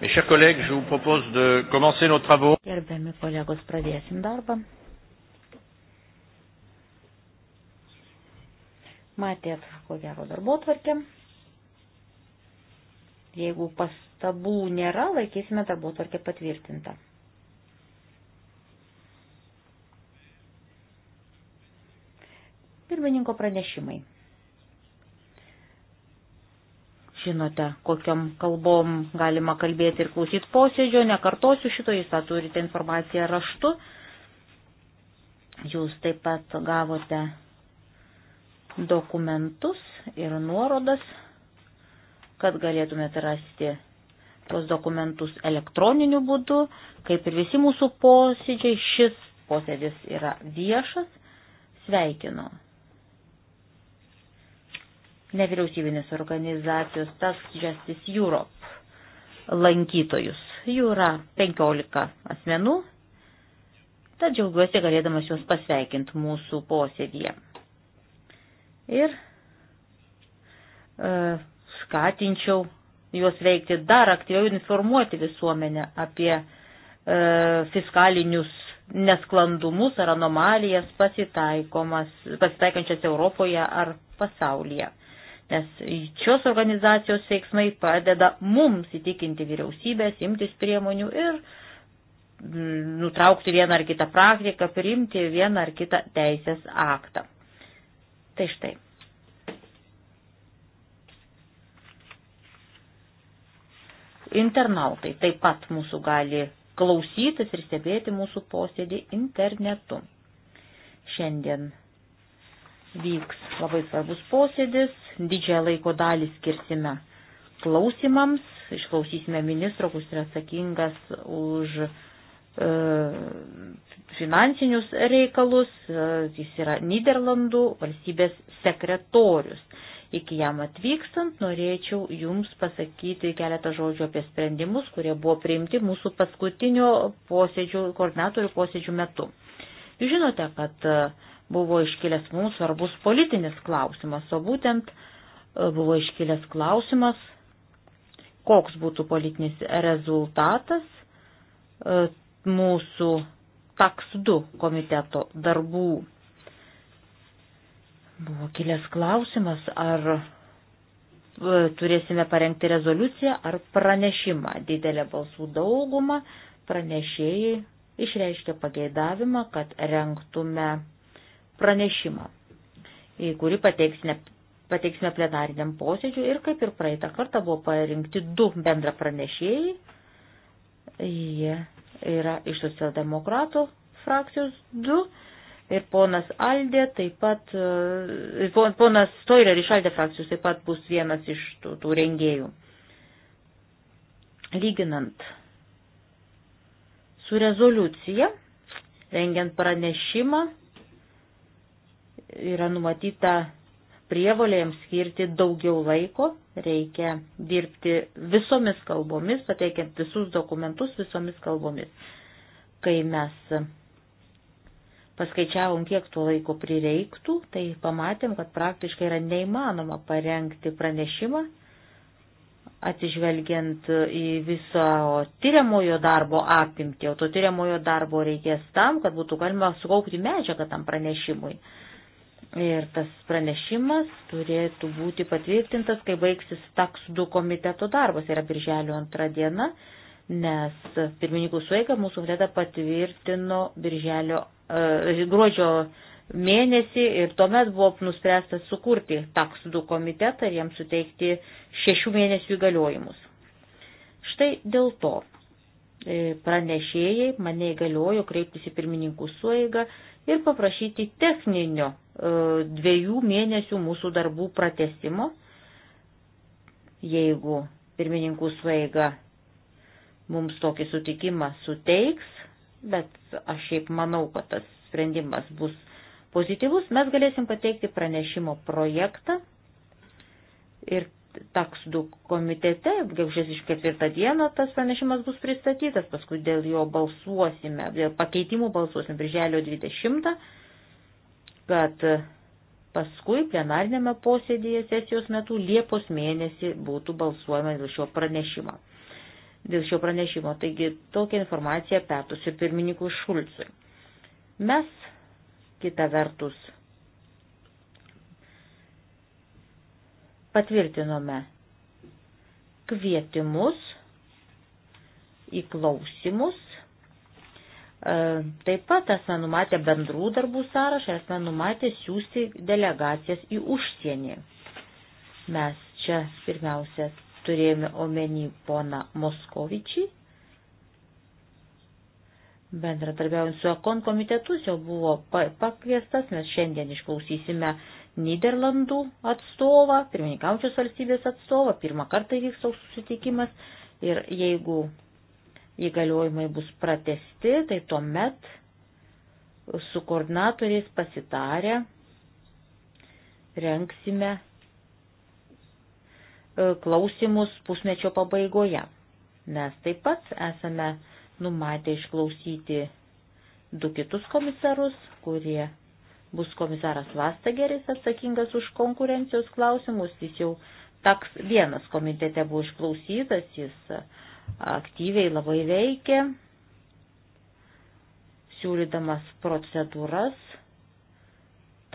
Mes chers collègues, je vous propose de commencer nos travaux. Gerbiami kolegos, pradėsim darbą. Matėt, ko gero darbo tvarkė. Jeigu pastabų nėra, laikysime darbo tvarkę patvirtintą. Pirmininko pranešimai. žinote, kokiam kalbom galima kalbėti ir klausyti posėdžio, nekartosiu šito, jūs tą turite informaciją raštu. Jūs taip pat gavote dokumentus ir nuorodas, kad galėtumėte rasti tuos dokumentus elektroniniu būdu, kaip ir visi mūsų posėdžiai, šis posėdis yra viešas. Sveikinu nevyriausybinės organizacijos Task Justice Europe lankytojus. Jų yra 15 asmenų, tad džiaugiuosi galėdamas juos pasveikinti mūsų posėdėje. Ir e, skatinčiau juos veikti dar aktyviau informuoti visuomenę apie e, fiskalinius nesklandumus ar anomalijas pasitaikančias Europoje ar pasaulyje nes šios organizacijos veiksmai padeda mums įtikinti vyriausybės, imtis priemonių ir mm, nutraukti vieną ar kitą praktiką, priimti vieną ar kitą teisės aktą. Tai štai. Internautai taip pat mūsų gali klausytis ir stebėti mūsų posėdį internetu. Šiandien vyks labai svarbus posėdis, didžiąją laiko dalį skirsime klausimams, išklausysime ministro, kuris yra atsakingas už e, finansinius reikalus, e, jis yra Niderlandų valstybės sekretorius. Iki jam atvykstant norėčiau Jums pasakyti keletą žodžių apie sprendimus, kurie buvo priimti mūsų paskutinio posėdžių, koordinatorių posėdžių metu. Jūs žinote, kad e, buvo iškilęs mums svarbus politinis klausimas, o būtent e, buvo iškilęs klausimas, koks būtų politinis rezultatas e, mūsų taks 2 komiteto darbų. Buvo kilęs klausimas, ar e, turėsime parengti rezoliuciją ar pranešimą. Didelė balsų dauguma pranešėjai išreiškė pageidavimą, kad rengtume pranešimą, į kurį pateiksime, pateiksime plenariniam posėdžiui ir kaip ir praeitą kartą buvo parinkti du bendra pranešėjai. Jie yra iš socialdemokratų frakcijos du ir ponas Aldė taip pat, e, ponas Stoiler iš Aldė frakcijos taip pat bus vienas iš tų, tų rengėjų. Lyginant su rezoliucija, rengiant pranešimą, yra numatyta prievolėjams skirti daugiau laiko, reikia dirbti visomis kalbomis, pateikiant visus dokumentus visomis kalbomis. Kai mes paskaičiavom, kiek to laiko prireiktų, tai pamatėm, kad praktiškai yra neįmanoma parengti pranešimą, atsižvelgiant į viso tyriamojo darbo apimtį, o to tyriamojo darbo reikės tam, kad būtų galima sukaupti medžiagą tam pranešimui. Uh, Ir tas pranešimas turėtų būti patvirtintas, kai baigsis TAX 2 komiteto darbas, yra birželio antrą dieną, nes pirmininkų suėga mūsų komitetą patvirtino birželio, e, gruodžio mėnesį ir tuomet buvo nuspręsta sukurti TAX 2 komitetą ir jam suteikti šešių mėnesių įgaliojimus. Štai dėl to e, pranešėjai mane įgaliojo kreiptis į pirmininkų suėgą ir paprašyti techninio e, dviejų mėnesių mūsų darbų pratesimo, jeigu pirmininkų svaiga mums tokį sutikimą suteiks, bet aš šiaip manau, kad tas sprendimas bus pozityvus, mes galėsim pateikti pranešimo projektą ir taksdų komitete, gegužės 24 dieną tas pranešimas bus pristatytas, paskui dėl jo balsuosime, dėl pakeitimų balsuosime birželio 20, kad paskui plenarinėme posėdėje sesijos metu Liepos mėnesį būtų balsuojama dėl šio pranešimo. Dėl šio pranešimo, taigi tokią informaciją pertusiu pirmininkui Šulcui. Mes, kita vertus, patvirtinome kvietimus į klausimus. E, taip pat esame numatę bendrų darbų sąrašą, esame numatę siūsti delegacijas į užsienį. Mes čia pirmiausia turėjome omeny poną Moskovičį. Bendratarbiaujant su Ekon komitetus jau buvo pakviestas, mes šiandien išklausysime uh, Niderlandų atstovą, pirmininkaučios valstybės atstovą, pirmą kartą vyks toks susitikimas ir jeigu įgaliojimai bus pratesti, tai tuomet su koordinatoriais pasitarę renksime e, klausimus pusmečio pabaigoje. Mes taip pat esame numatę išklausyti du kitus komisarus, kurie bus komisaras Vastageris atsakingas už konkurencijos klausimus, jis jau taks vienas komitete buvo išklausytas, jis aktyviai labai veikė, siūlydamas procedūras,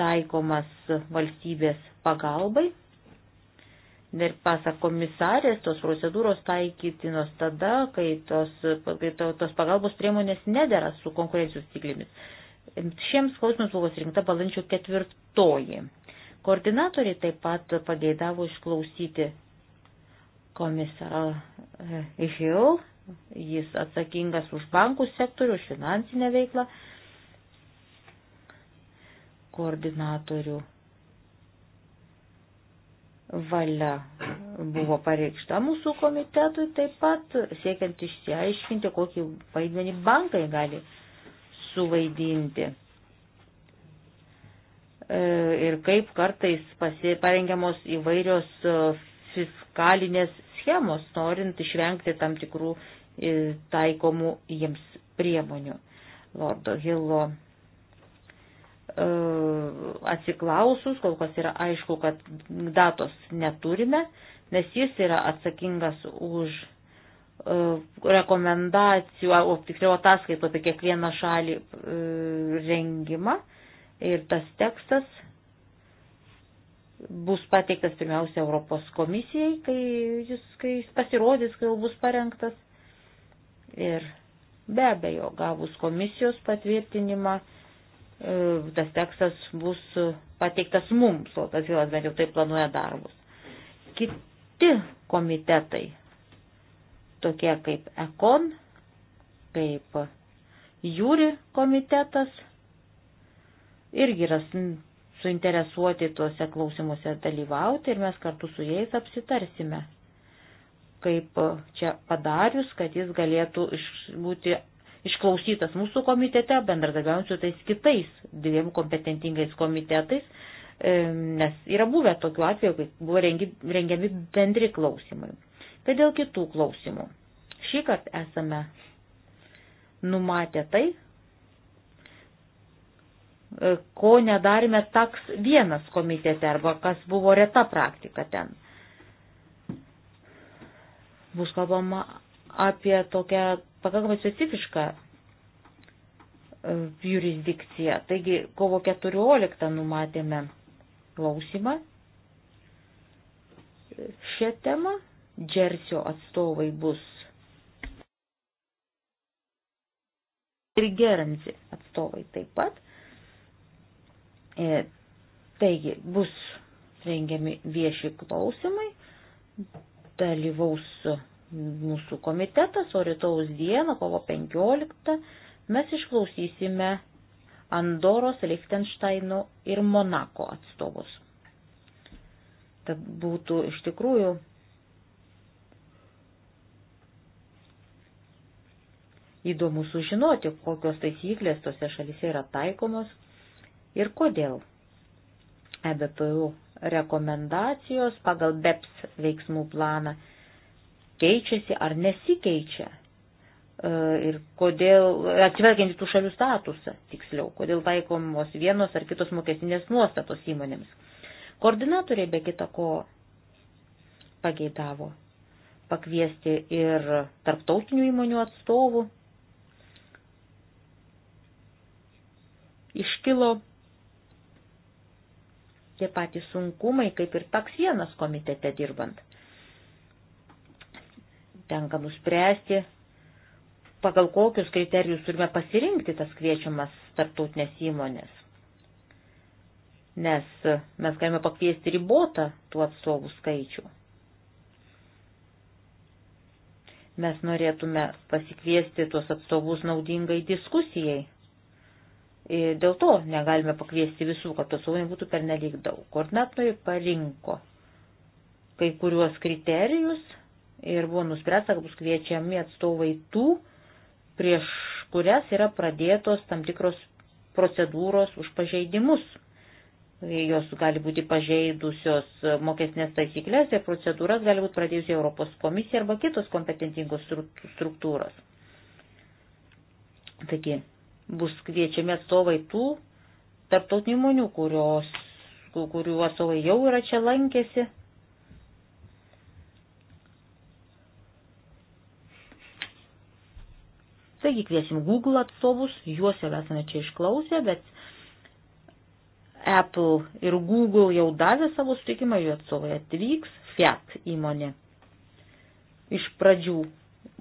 taikomas valstybės pagalbai. Ir pasak komisarės, tos procedūros taikytinos tada, kai tos, kai to, tos pagalbos priemonės nedėra su konkurencijos tiklimis. Šiems klausimams buvo surinkta balandžio ketvirtoji. Koordinatoriai taip pat pageidavo išklausyti komisarą e, Hill, jis atsakingas už bankų sektorių, už finansinę veiklą, koordinatorių valia buvo pareikšta mūsų komitetui taip pat, siekiant išsiaiškinti, kokį vaidmenį bankai gali suvaidinti. E, ir kaip kartais parengiamos įvairios e, fiskalinės schemos, norint išvengti tam tikrų e, taikomų jiems priemonių. Lordo Hilo atsiklausus, kol kas yra aišku, kad datos neturime, nes jis yra atsakingas už E, rekomendacijų, o tiksliau ataskaitų apie kiekvieną šalį e, rengimą. Ir tas tekstas bus pateiktas pirmiausia Europos komisijai, kai jis, kai jis pasirodys, kai jau bus parengtas. Ir be abejo, gavus komisijos patvirtinimą, e, tas tekstas bus pateiktas mums, o tas vėlas bent jau taip planuoja darbus. Kiti komitetai tokie kaip Ekon, kaip Jūri komitetas, irgi yra suinteresuoti tuose klausimuose dalyvauti ir mes kartu su jais apsitarsime, kaip čia padarius, kad jis galėtų iš, būti išklausytas mūsų komitete, bendradarbiaujant su tais kitais dviem kompetentingais komitetais, e, nes yra buvę tokiu atveju, kai buvo rengi, rengiami bendri klausimai kai dėl kitų klausimų. Šį kartą esame numatę tai, e, ko nedarėme taks vienas komitete arba kas buvo reta praktika ten. Bus kalbama apie tokią pakankamai specifišką e, jurisdikciją. Taigi kovo 14 numatėme klausimą šią temą Džersio atstovai bus ir Geramzi atstovai taip pat. E, taigi bus rengiami vieši klausimai, dalyvaus mūsų komitetas, o rytaus dieną, kovo 15, mes išklausysime Andoros, Liechtensteino ir Monako atstovus. Tad būtų iš tikrųjų įdomu sužinoti, kokios taisyklės tose šalise yra taikomos ir kodėl. EBPU rekomendacijos pagal BEPS veiksmų planą keičiasi ar nesikeičia e, ir kodėl, atsivelkiant į tų šalių statusą, tiksliau, kodėl taikomos vienos ar kitos mokestinės nuostatos įmonėms. Koordinatoriai be kita ko pageidavo pakviesti ir tarptautinių įmonių atstovų, iškilo tie patys sunkumai, kaip ir taks vienas komitete dirbant. Tenka nuspręsti, pagal kokius kriterijus turime pasirinkti tas kviečiamas tarptautinės įmonės. Nes mes galime pakviesti ribotą tų atstovų skaičių. Mes norėtume pasikviesti tuos atstovus naudingai diskusijai, Ir dėl to negalime pakviesti visų, kad tos sumai būtų pernelyg daug. Koordinatoriai parinko kai kuriuos kriterijus ir buvo nuspręsta, kad bus kviečiami atstovai tų, prieš kurias yra pradėtos tam tikros procedūros už pažeidimus. Jos gali būti pažeidusios mokesnės taisyklės ir procedūras gali būti pradėjusi Europos komisija arba kitos kompetentingos struktūros. Taigi, bus kviečiami atstovai tų tarptautinių įmonių, kurios, kurių atstovai jau yra čia lankėsi. Taigi kviesim Google atstovus, juos jau esame čia išklausę, bet Apple ir Google jau davė savo sutikimą, jų atstovai atvyks, Fiat įmonė. Iš pradžių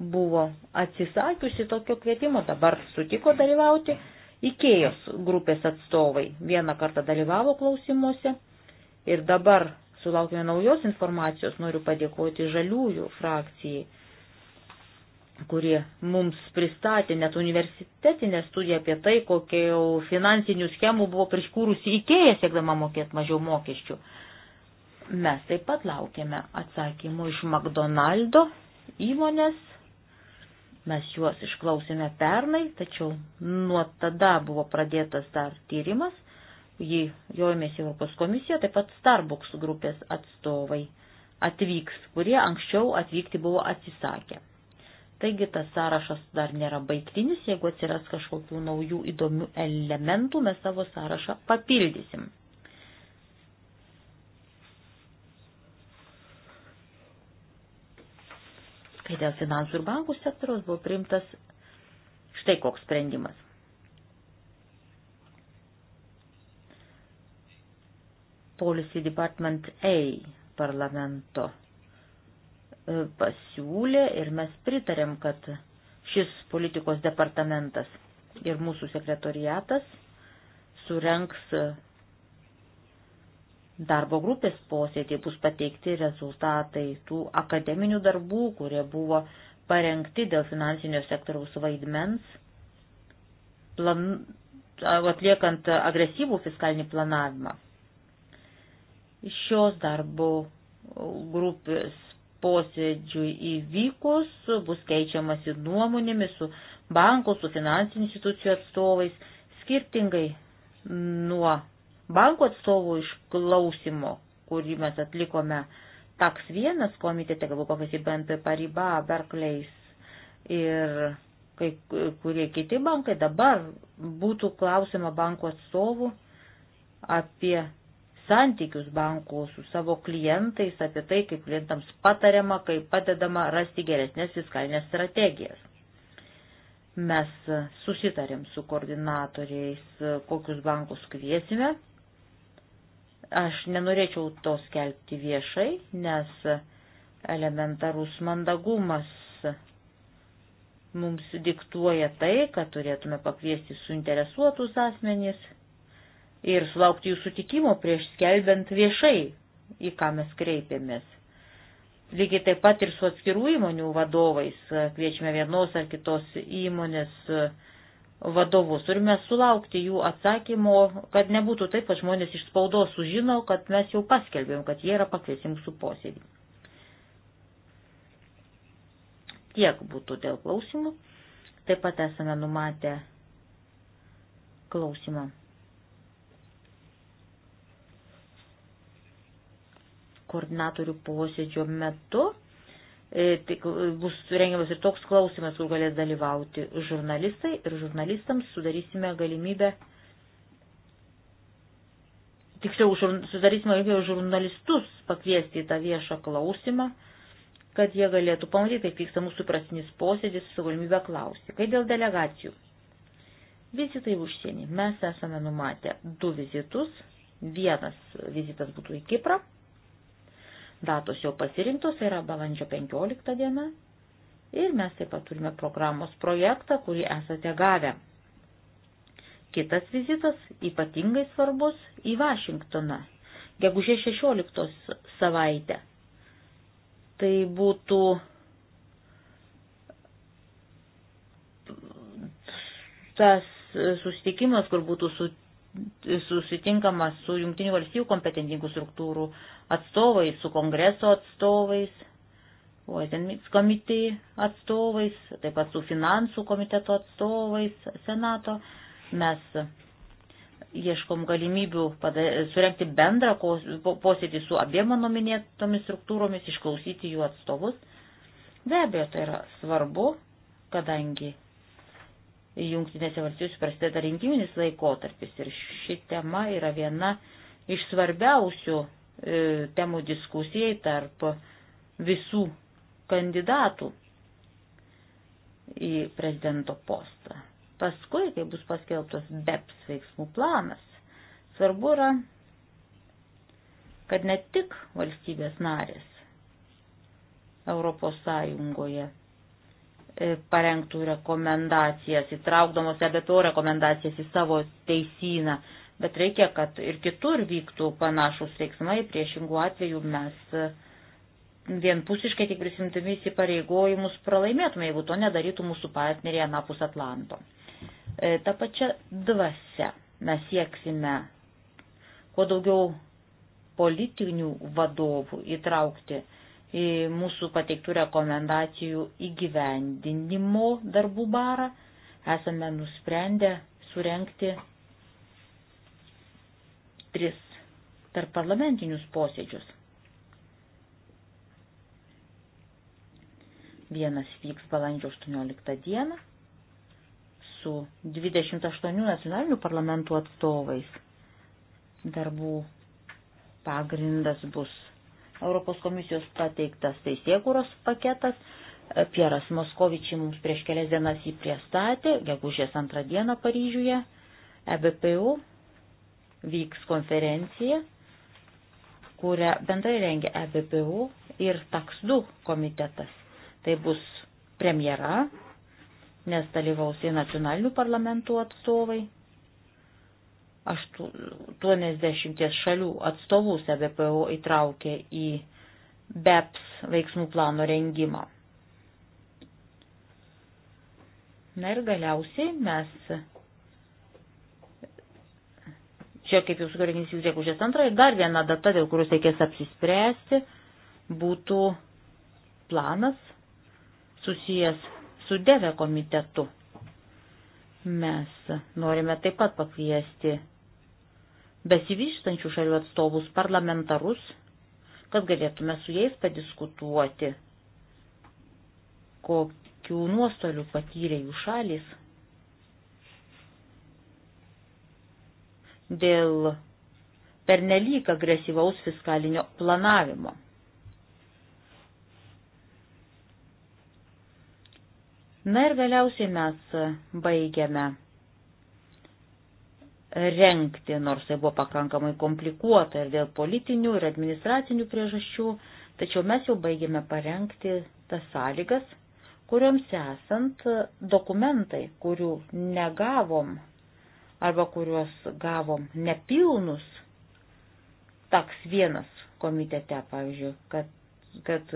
buvo atsisakiusi tokio kvietimo, dabar sutiko dalyvauti Ikėjos grupės atstovai. Vieną kartą dalyvavo klausimuose ir dabar sulaukime naujos informacijos, noriu padėkoti žaliųjų frakcijai, kurie mums pristatė net universitetinę studiją apie tai, kokie jau finansinių schemų buvo priškūrusi įkėja siekdama mokėti mažiau mokesčių. Mes taip pat laukiame atsakymų iš McDonaldo įmonės Mes juos išklausėme pernai, tačiau nuo tada buvo pradėtas dar tyrimas, jį jojomėsi Europos komisija, taip pat Starbucks grupės atstovai atvyks, kurie anksčiau atvykti buvo atsisakę. Taigi tas sąrašas dar nėra baigtinis, jeigu atsiras kažkokių naujų įdomių elementų, mes savo sąrašą papildysim. kai dėl finansų ir bankų sektoriaus buvo priimtas štai koks sprendimas. Policy Department A parlamento e, pasiūlė ir mes pritarėm, kad šis politikos departamentas ir mūsų sekretoriatas surenks darbo grupės posėdį bus pateikti rezultatai tų akademinių darbų, kurie buvo parengti dėl finansinio sektoriaus vaidmens, plan, atliekant agresyvų fiskalinį planavimą. Šios darbo grupės posėdžiui įvykus bus keičiamasi nuomonėmis su bankų, su finansinių institucijų atstovais, skirtingai nuo banko atstovų išklausimo, kurį mes atlikome TAX 1 komitete, galbūt kokias į BNP Paribą, Berkleis ir kai kurie kiti bankai dabar būtų klausima banko atstovų apie santykius bankų su savo klientais, apie tai, kaip klientams patariama, kaip padedama rasti geresnės fiskalinės strategijas. Mes susitarėm su koordinatoriais, kokius bankus kviesime Aš nenorėčiau to skelbti viešai, nes elementarus mandagumas mums diktuoja tai, kad turėtume pakviesti suinteresuotus asmenys ir sulaukti jų sutikimo prieš skelbiant viešai, į ką mes kreipiamės. Lygiai taip pat ir su atskirų įmonių vadovais kviečiame vienos ar kitos įmonės vadovus. Turime sulaukti jų atsakymo, kad nebūtų taip, kad žmonės iš spaudos sužino, kad mes jau paskelbėm, kad jie yra pakviesim su posėdį. Tiek būtų dėl klausimų. Taip pat esame numatę klausimą. Koordinatorių posėdžio metu E, tik bus rengiamas ir toks klausimas, kur galės dalyvauti žurnalistai ir žurnalistams sudarysime galimybę, tiksliau sudarysime galimybę žurnalistus pakviesti į tą viešą klausimą, kad jie galėtų pamatyti, kaip vyksta mūsų prasinis posėdis su galimybė klausti. Kai dėl delegacijų? Vizitai užsienį. Mes esame numatę du vizitus. Vienas vizitas būtų į Kiprą, Datos jau pasirinktos tai yra balandžio 15 diena ir mes taip pat turime programos projektą, kurį esate gavę. Kitas vizitas ypatingai svarbus į Vašingtoną, gegužė 16 savaitę. Tai būtų tas susitikimas, kur būtų su susitinkama su Junktinių valstybių kompetentingų struktūrų atstovais, su kongreso atstovais, Voizenmits komitei atstovais, taip pat su finansų komiteto atstovais Senato. Mes ieškom galimybių surenkti bendrą posėdį su abiem mano minėtomis struktūromis, išklausyti jų atstovus. Be abejo, tai yra svarbu, kadangi Jungtinėse valstijose prasideda rinkiminis laikotarpis ir ši tema yra viena iš svarbiausių e, temų diskusijai tarp visų kandidatų į prezidento postą. Paskui, kai bus paskelbtas BEPS veiksmų planas, svarbu yra, kad ne tik valstybės narės Europos Sąjungoje E, parengtų rekomendacijas, įtraukdamos EBPO rekomendacijas į savo teisyną, bet reikia, kad ir kitur vyktų panašus veiksmai, priešingų atveju mes e, vienpusiškai tik prisimtami įsipareigojimus pralaimėtume, jeigu to nedarytų mūsų partneriai anapus Atlanto. E, ta pačia dvasia mes sieksime kuo daugiau politinių vadovų įtraukti mūsų pateiktų rekomendacijų įgyvendinimo darbų barą. Esame nusprendę surenkti tris tarp parlamentinius posėdžius. Vienas vyks balandžio 18 dieną su 28 nacionalinių parlamentų atstovais. Darbų pagrindas bus Europos komisijos pateiktas teisėkūros paketas. Pieras Moskovičiai mums prieš kelias dienas jį priestatė, gegužės antrą dieną Paryžiuje, EBPU vyks konferencija, kurią bendrai rengia EBPU ir TAX2 komitetas. Tai bus premjera, nes dalyvaus ir nacionalinių parlamentų atstovai, 80 šalių atstovus EBPO įtraukė į BEPS veiksmų plano rengimą. Na ir galiausiai mes čia, kaip jau sugarinys, jūs gegužės antrą ir dar viena data, dėl kurios reikės apsispręsti, būtų planas susijęs su DEVE e komitetu. Mes norime taip pat pakviesti besivyštančių šalių atstovus parlamentarus, kad galėtume su jais padiskutuoti, kokių nuostolių patyrė jų šalis dėl pernelyg agresyvaus fiskalinio planavimo. Na ir galiausiai mes baigiame renkti, nors tai buvo pakankamai komplikuota ir dėl politinių ir administracinių priežasčių, tačiau mes jau baigėme parengti tas sąlygas, kuriuoms esant dokumentai, kurių negavom arba kuriuos gavom nepilnus, taks vienas komitete, pavyzdžiui, kad, kad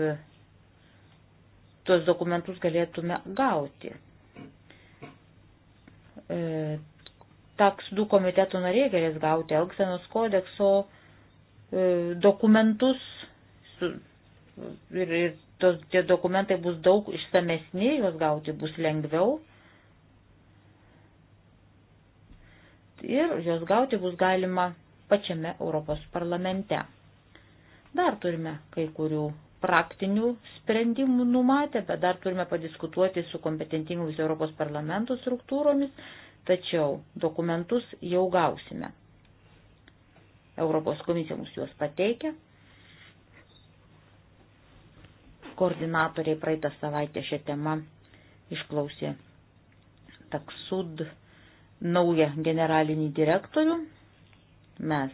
tuos dokumentus galėtume gauti. E, taks du komitetų nariai galės gauti Elksenos kodekso e, dokumentus su, ir, ir tos, tie dokumentai bus daug išsamesni, juos gauti bus lengviau ir juos gauti bus galima pačiame Europos parlamente. Dar turime kai kurių praktinių sprendimų numatę, bet dar turime padiskutuoti su kompetentingomis Europos parlamento struktūromis tačiau dokumentus jau gausime. Europos komisija mums juos pateikia. Koordinatoriai praeitą savaitę šią temą išklausė taksud naują generalinį direktorių. Mes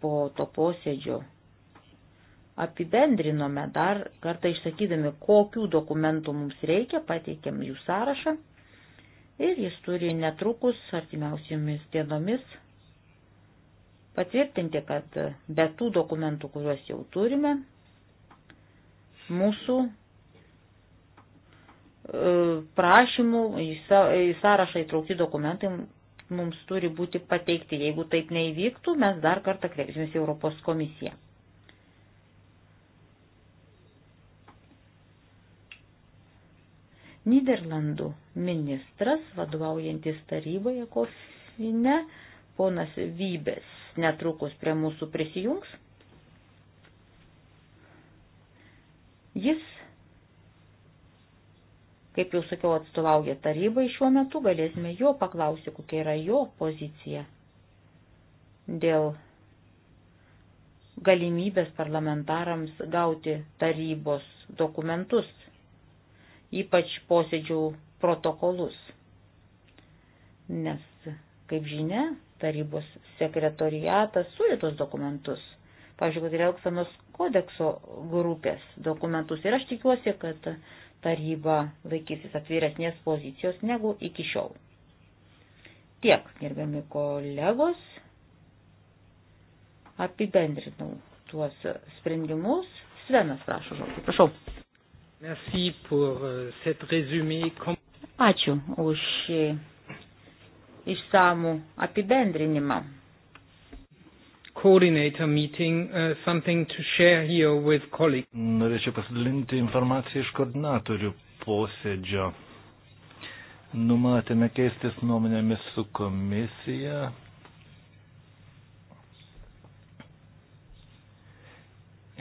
po to posėdžio apibendrinome dar kartą išsakydami, kokių dokumentų mums reikia, pateikėm jų sąrašą ir jis turi netrukus artimiausiomis dienomis patvirtinti, kad be tų dokumentų, kuriuos jau turime, mūsų e, prašymų į sąrašą įtraukti dokumentai mums turi būti pateikti. Jeigu taip neįvyktų, mes dar kartą kreipsimės į Europos komisiją. Niderlandų ministras, vadovaujantis taryboje kofine, ponas Vybės netrukus prie mūsų prisijungs. Jis, kaip jau sakiau, atstovauja tarybai šiuo metu, galėsime jo paklausyti, kokia yra jo pozicija dėl galimybės parlamentarams gauti tarybos dokumentus ypač posėdžių protokolus. Nes, kaip žinia, tarybos sekretoriatas suri tos dokumentus. Pavyzdžiui, kad ir Elksanos kodekso grupės dokumentus. Ir aš tikiuosi, kad taryba laikysis atviresnės pozicijos negu iki šiol. Tiek, gerbiami kolegos, apibendrinau tuos sprendimus. Svenas, prašau, žodžiu, prašau. Euh, Ačiū už šį išsamų apibendrinimą. Meeting, uh, Norėčiau pasidalinti informaciją iš koordinatorių posėdžio. Numatėme keistis nuomonėmis su komisija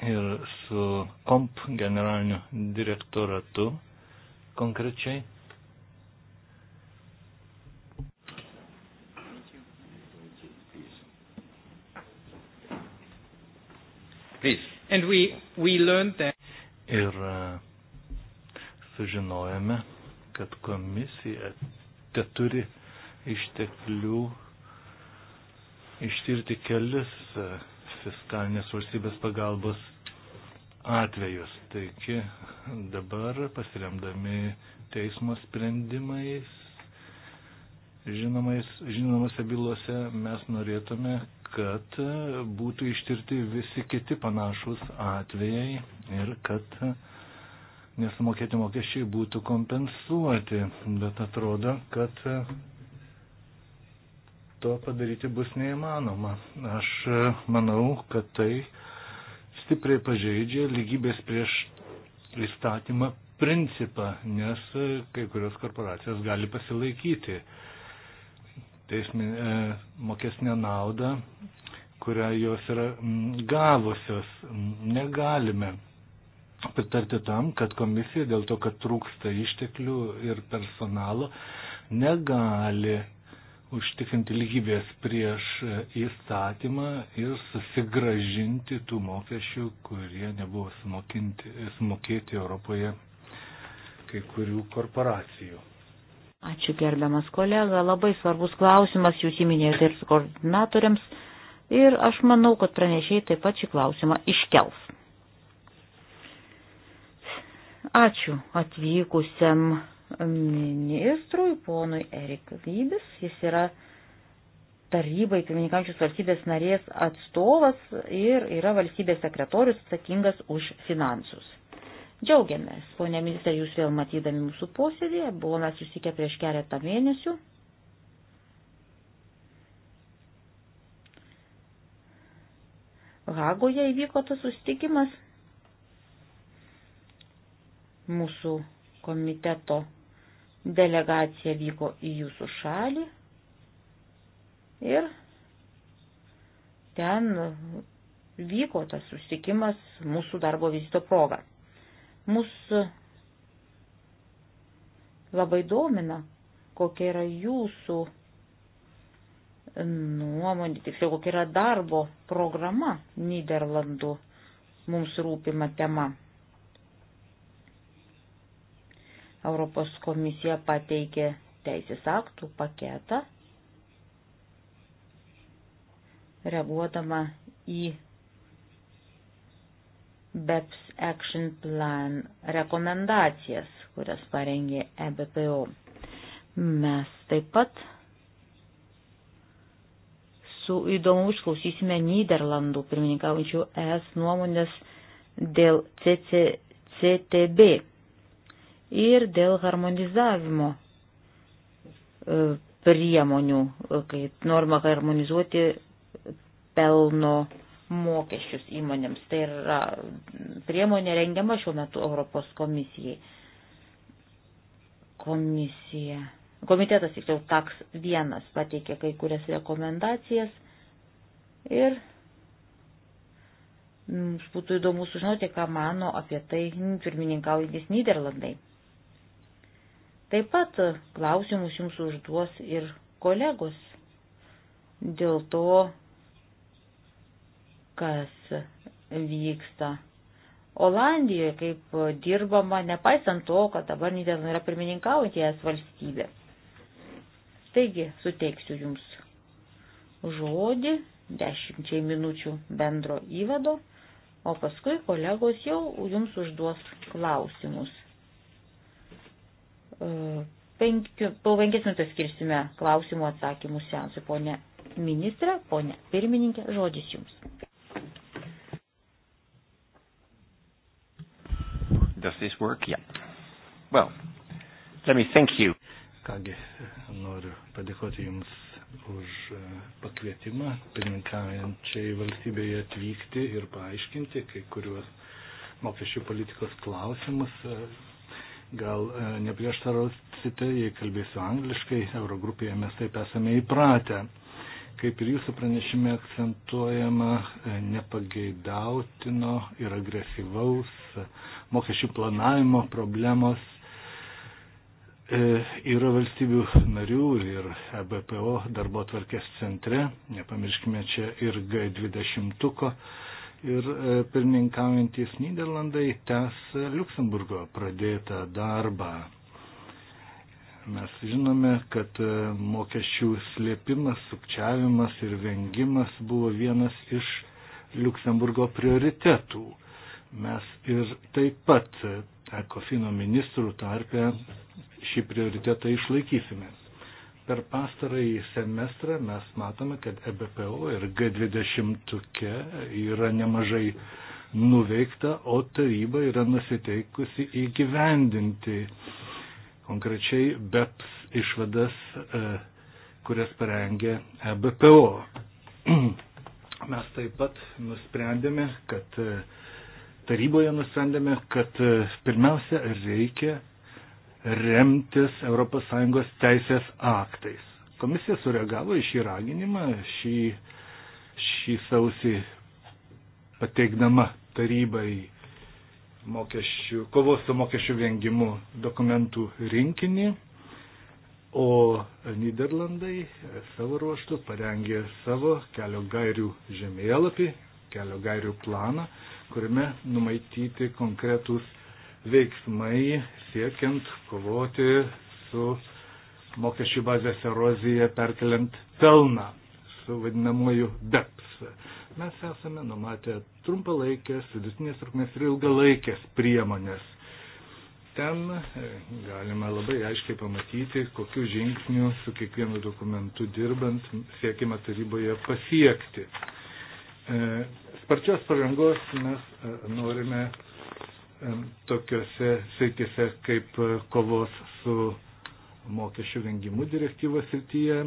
ir su komp generaliniu direktoratu konkrečiai. And we, we learned that... Ir e, sužinojame, kad komisija teturi išteklių ištirti kelis e, fiskalinės valstybės pagalbos atvejus. Taigi dabar pasiremdami teismo sprendimais, žinomais, žinomose bylose mes norėtume, kad būtų ištirti visi kiti panašus atvejai ir kad nesumokėti mokesčiai būtų kompensuoti, bet atrodo, kad to padaryti bus neįmanoma. Aš manau, kad tai stipriai pažeidžia lygybės prieš įstatymą principą, nes e, kai kurios korporacijos gali pasilaikyti teismin, e, mokesnę naudą, kurią jos yra gavusios. Negalime pritarti tam, kad komisija dėl to, kad trūksta išteklių ir personalo, negali užtikrinti lygybės prieš įstatymą ir susigražinti tų mokesčių, kurie nebuvo sumokėti Europoje kai kurių korporacijų. Ačiū gerbiamas kolega, labai svarbus klausimas, jūs įminėjote ir koordinatoriams ir aš manau, kad pranešėjai taip pat šį klausimą iškels. Ačiū atvykusiam ministrui, ponui Erik Vybis. Jis yra tarybai pirmininkančios valstybės narės atstovas ir yra valstybės sekretorius atsakingas už finansus. Džiaugiamės, ponė ministrė, jūs vėl matydami mūsų posėdėje, buvome susikę prieš keletą mėnesių. Hagoje įvyko tas susitikimas mūsų komiteto Delegacija vyko į jūsų šalį ir ten vyko tas susitikimas mūsų darbo vizito proga. Mūsų labai domina, kokia yra jūsų nuomonė, tiksliau, kokia yra darbo programa Niderlandų mums rūpima tema. Europos komisija pateikė teisės aktų paketą, reaguodama į BEPS Action Plan rekomendacijas, kurias parengė EBPO. Mes taip pat su įdomu išklausysime Niderlandų pirmininkaujančių ES nuomonės dėl CCCTB ir dėl harmonizavimo e, priemonių, e, kai norima harmonizuoti pelno mokesčius įmonėms. Tai yra priemonė rengiama šiuo metu Europos komisijai. Komisija. Komitetas, tiksliau, TAX 1 pateikė kai kurias rekomendacijas ir mums būtų įdomu sužinoti, ką mano apie tai pirmininkaujantis Niderlandai. Taip pat klausimus jums užduos ir kolegos dėl to, kas vyksta Olandijoje, kaip dirbama, nepaisant to, kad dabar Niderlandai yra pirmininkaujanties valstybė. Taigi, suteiksiu jums žodį dešimčiai minučių bendro įvado, o paskui kolegos jau jums užduos klausimus penkių, po penkias minutės skirsime klausimų atsakymų seansui. Pone ministrė, pone pirmininkė, žodis jums. Does this work? Yeah. Well, let me thank you. Kągi, noriu padėkoti Jums už e, pakvietimą pirmininkaujančiai valstybėje atvykti ir paaiškinti kai kuriuos mokesčių politikos klausimus. E, Gal e, neprieštarausite, jei kalbėsiu angliškai, Eurogrupėje mes taip esame įpratę. Kaip ir jūsų pranešime akcentuojama e, nepageidautino ir agresyvaus mokesčių planavimo problemos e, yra valstybių narių ir EBPO darbo tvarkės centre, nepamirškime čia ir G20 ir e, pirmininkaujantis Niderlandai tęs Luksemburgo pradėtą darbą. Mes žinome, kad e, mokesčių slėpimas, sukčiavimas ir vengimas buvo vienas iš Luksemburgo prioritetų. Mes ir taip pat e, ekofino ministrų tarpę šį prioritetą išlaikysime. Per pastarąjį semestrą mes matome, kad EBPO ir G20 yra nemažai nuveikta, o taryba yra nusiteikusi įgyvendinti konkrečiai BEPS išvadas, e, kurias parengė EBPO. Mes taip pat nusprendėme, kad e, taryboje nusprendėme, kad e, pirmiausia reikia remtis ES teisės aktais. Komisija sureagavo į šį raginimą, šį, šį sausį pateikdama tarybai mokesčių, kovos su mokesčių vengimu dokumentų rinkinį, o Niderlandai savo ruoštų parengė savo kelio gairių žemėlapį, kelio gairių planą, kuriame numatyti konkretus veiksmai siekiant kovoti su mokesčių bazės erozija perkeliant pelną su vadinamuoju DEPS. Mes esame numatę trumpalaikės, vidutinės trukmės ir ilgalaikės priemonės. Ten e, galima labai aiškiai pamatyti, kokiu žingsniu su kiekvienu dokumentu dirbant siekime taryboje pasiekti. E, sparčios pažangos mes e, norime tokiuose srityse kaip e, kovos su mokesčių vengimu direktyvos srityje,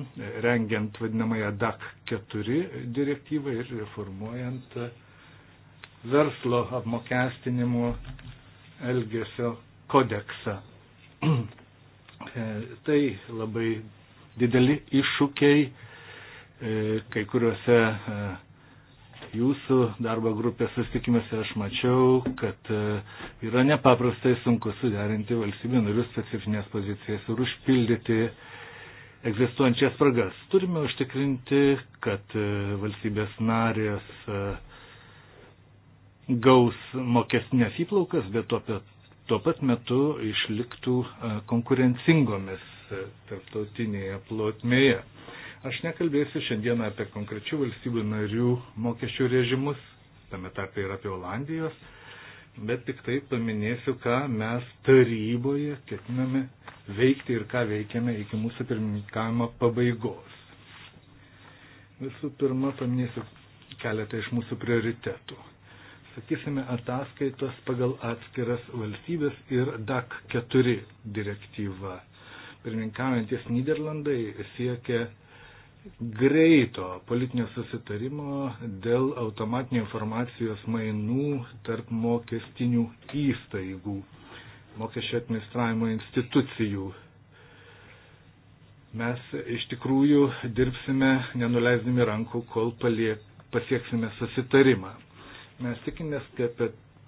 rengiant vadinamąją DAC 4 direktyvą ir reformuojant e, verslo apmokestinimo elgesio kodeksą. E, tai labai dideli iššūkiai kai kuriuose Jūsų darbo grupės susitikimuose aš mačiau, kad e, yra nepaprastai sunku suderinti valstybių narių specifines pozicijas ir užpildyti egzistuojančias spragas. Turime užtikrinti, kad e, valstybės narės e, gaus mokestinės įplaukas, bet tuo, tuo pat metu išliktų konkurencingomis tarptautinėje plotmėje. Aš nekalbėsiu šiandieną apie konkrečių valstybių narių mokesčių režimus, tame tarpe ir apie Olandijos, bet tik tai paminėsiu, ką mes taryboje ketiname veikti ir ką veikiame iki mūsų pirmininkavimo pabaigos. Visų pirma, paminėsiu keletą iš mūsų prioritetų. Sakysime, ataskaitos pagal atskiras valstybės ir DAC 4 direktyva. Pirmininkaujantis Niderlandai siekia greito politinio susitarimo dėl automatinio informacijos mainų tarp mokestinių įstaigų, mokesčio administravimo institucijų. Mes iš tikrųjų dirbsime nenuleisdami rankų, kol paliek, pasieksime susitarimą. Mes tikimės, kad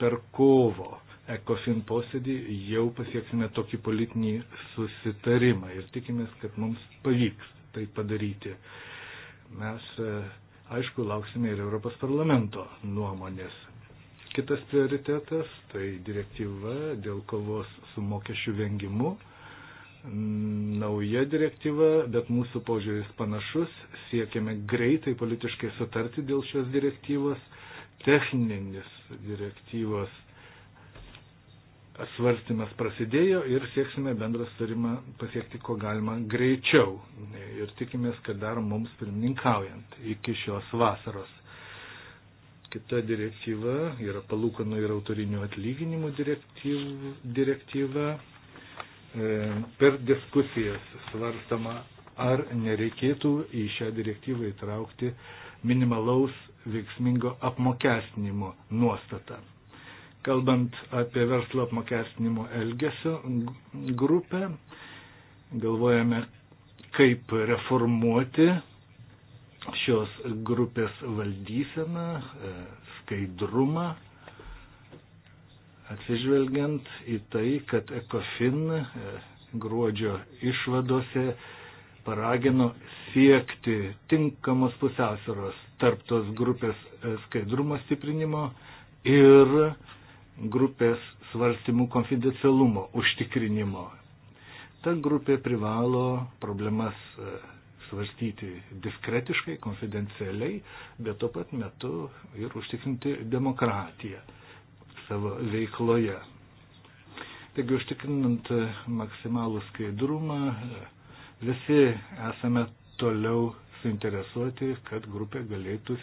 per kovo ECOFIN posėdį jau pasieksime tokį politinį susitarimą ir tikimės, kad mums pavyks tai padaryti. Mes, e, aišku, lauksime ir Europos parlamento nuomonės. Kitas prioritetas - tai direktyva dėl kovos su mokesčių vengimu. Mm, nauja direktyva, bet mūsų požiūris panašus. Siekiame greitai politiškai sutarti dėl šios direktyvos. Techninis direktyvos svarstymas prasidėjo ir sieksime bendrą sutarimą pasiekti kuo galima greičiau. Ir tikimės, kad dar mums pirmininkaujant iki šios vasaros. Kita direktyva yra palūkanų ir autorinių atlyginimų direktyv, direktyva. E, per diskusijas svarstama, ar nereikėtų į šią direktyvą įtraukti minimalaus veiksmingo apmokestinimo nuostatą. Kalbant apie verslo apmokestinimo elgesio grupę, galvojame, kaip reformuoti šios grupės valdyseną, e, skaidrumą, atsižvelgiant į tai, kad ECOFIN e, gruodžio išvadose paragino siekti tinkamos pusiausvėros tarp tos grupės e, skaidrumo stiprinimo ir grupės svarstymų konfidencialumo užtikrinimo. Ta grupė privalo problemas e, svarstyti diskretiškai, konfidencialiai, bet tuo pat metu ir užtikrinti demokratiją savo veikloje. Taigi užtikrinant e, maksimalų skaidrumą, e, visi esame toliau suinteresuoti, kad grupė galėtų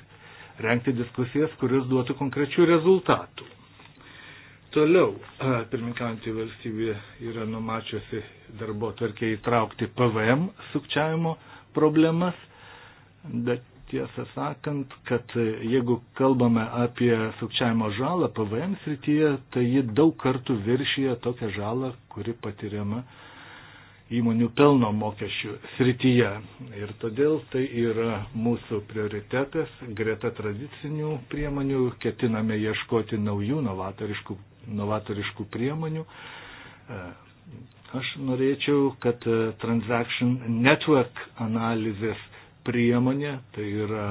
renkti diskusijas, kurios duotų konkrečių rezultatų. Toliau, pirminkaujantį valstybė yra numačiusi darbo tvarkiai įtraukti PVM sukčiavimo problemas, bet tiesą sakant, kad jeigu kalbame apie sukčiavimo žalą PVM srityje, tai ji daug kartų viršyje tokią žalą, kuri patiriama įmonių pelno mokesčių srityje. Ir todėl tai yra mūsų prioritetas. Greta tradicinių priemonių ketiname ieškoti naujų novatoriškų novatoriškų priemonių. Aš norėčiau, kad e, Transaction Network analizės priemonė, tai yra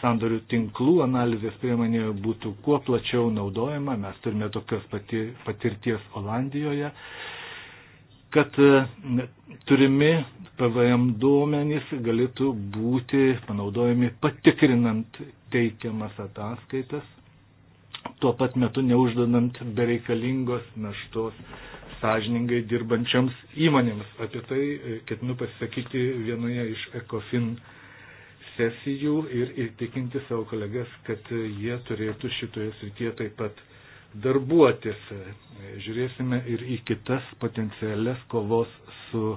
sandorių tinklų analizės priemonė būtų kuo plačiau naudojama. Mes turime tokios pati, patirties Olandijoje, kad e, turimi PVM duomenys galėtų būti panaudojami patikrinant teikiamas ataskaitas tuo pat metu neuždodant bereikalingos naštos sąžiningai dirbančiams įmonėms. Apie tai e, ketinu pasisakyti vienoje iš ECOFIN sesijų ir įtikinti savo kolegas, kad e, jie turėtų šitoje srityje taip pat darbuotis. E, žiūrėsime ir į kitas potencialias kovos su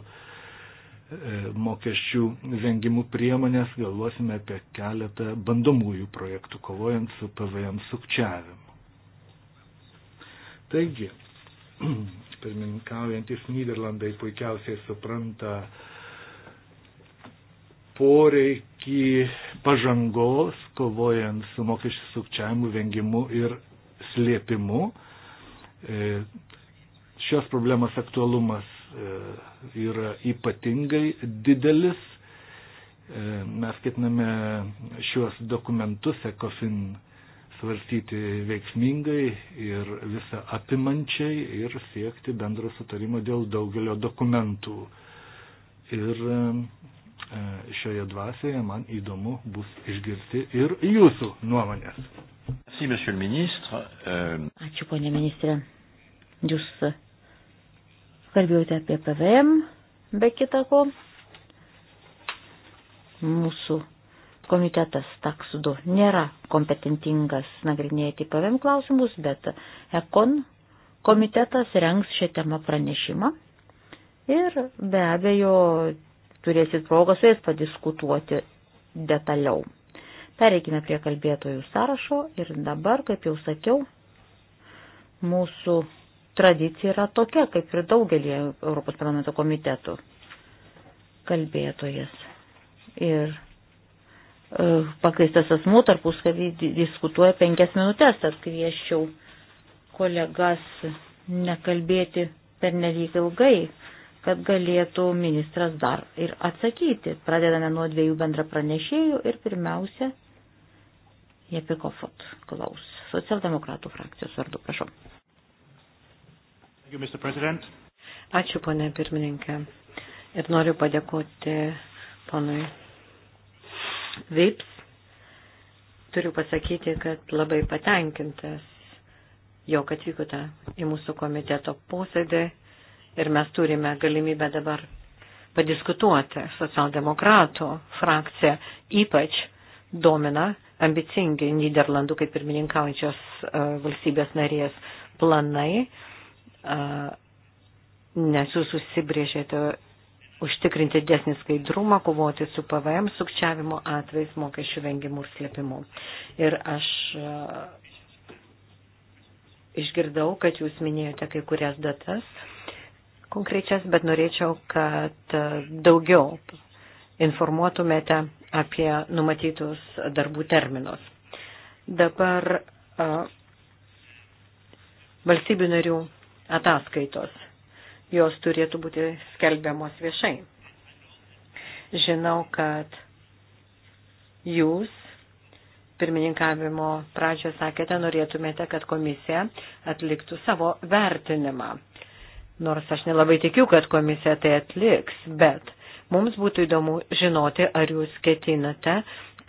mokesčių vengimų priemonės, galvosime apie keletą bandomųjų projektų kovojant su PVM sukčiavimu. Taigi, pirmininkaujantis Niderlandai puikiausiai supranta poreikį pažangos, kovojant su mokesčių sukčiavimu, vengimu ir slėpimu. E, šios problemos aktualumas e, yra ypatingai didelis. E, mes ketiname šiuos dokumentus ECOFIN svarstyti veiksmingai ir visą apimančiai ir siekti bendro sutarimo dėl daugelio dokumentų. Ir e, šioje dvasioje man įdomu bus išgirsti ir jūsų nuomonės. Euh, Ačiū, ponė ministrė. Jūs kalbėjote apie PVM, be kitako. Mūsų komitetas taksudu nėra kompetentingas nagrinėti PVM klausimus, bet ekon komitetas rengs šią temą pranešimą ir be abejo turėsit progą su jais padiskutuoti detaliau. Pereikime prie kalbėtojų sąrašo ir dabar, kaip jau sakiau, mūsų tradicija yra tokia, kaip ir daugelį Europos parlamento komitetų kalbėtojas. Ir E, pakaistas asmuo tarpusavį diskutuoja penkias minutės, tad kvieščiau kolegas nekalbėti per nevyk ilgai, kad galėtų ministras dar ir atsakyti. Pradedame nuo dviejų bendra pranešėjų ir pirmiausia, Jepikofot klaus. Socialdemokratų frakcijos vardu, prašau. Ačiū, ponė pirmininkė. Ir noriu padėkoti ponui VIPS, turiu pasakyti, kad labai patenkintas, jog atvykote į mūsų komiteto posėdį ir mes turime galimybę dabar padiskutuoti. Socialdemokratų frakcija ypač domina ambicingi Niderlandų kaip pirmininkaujančios e, valstybės narės planai, e, nes jūs susibrėžėte užtikrinti desnį skaidrumą, kovoti su PVM sukčiavimo atvejais, mokesčių vengimu ir slėpimu. Ir aš e, išgirdau, kad jūs minėjote kai kurias datas konkrečias, bet norėčiau, kad e, daugiau informuotumėte apie numatytus darbų terminus. Dabar e, valstybių narių ataskaitos jos turėtų būti skelbiamos viešai. Žinau, kad jūs pirmininkavimo pradžioje sakėte, norėtumėte, kad komisija atliktų savo vertinimą. Nors aš nelabai tikiu, kad komisija tai atliks, bet mums būtų įdomu žinoti, ar jūs ketinate,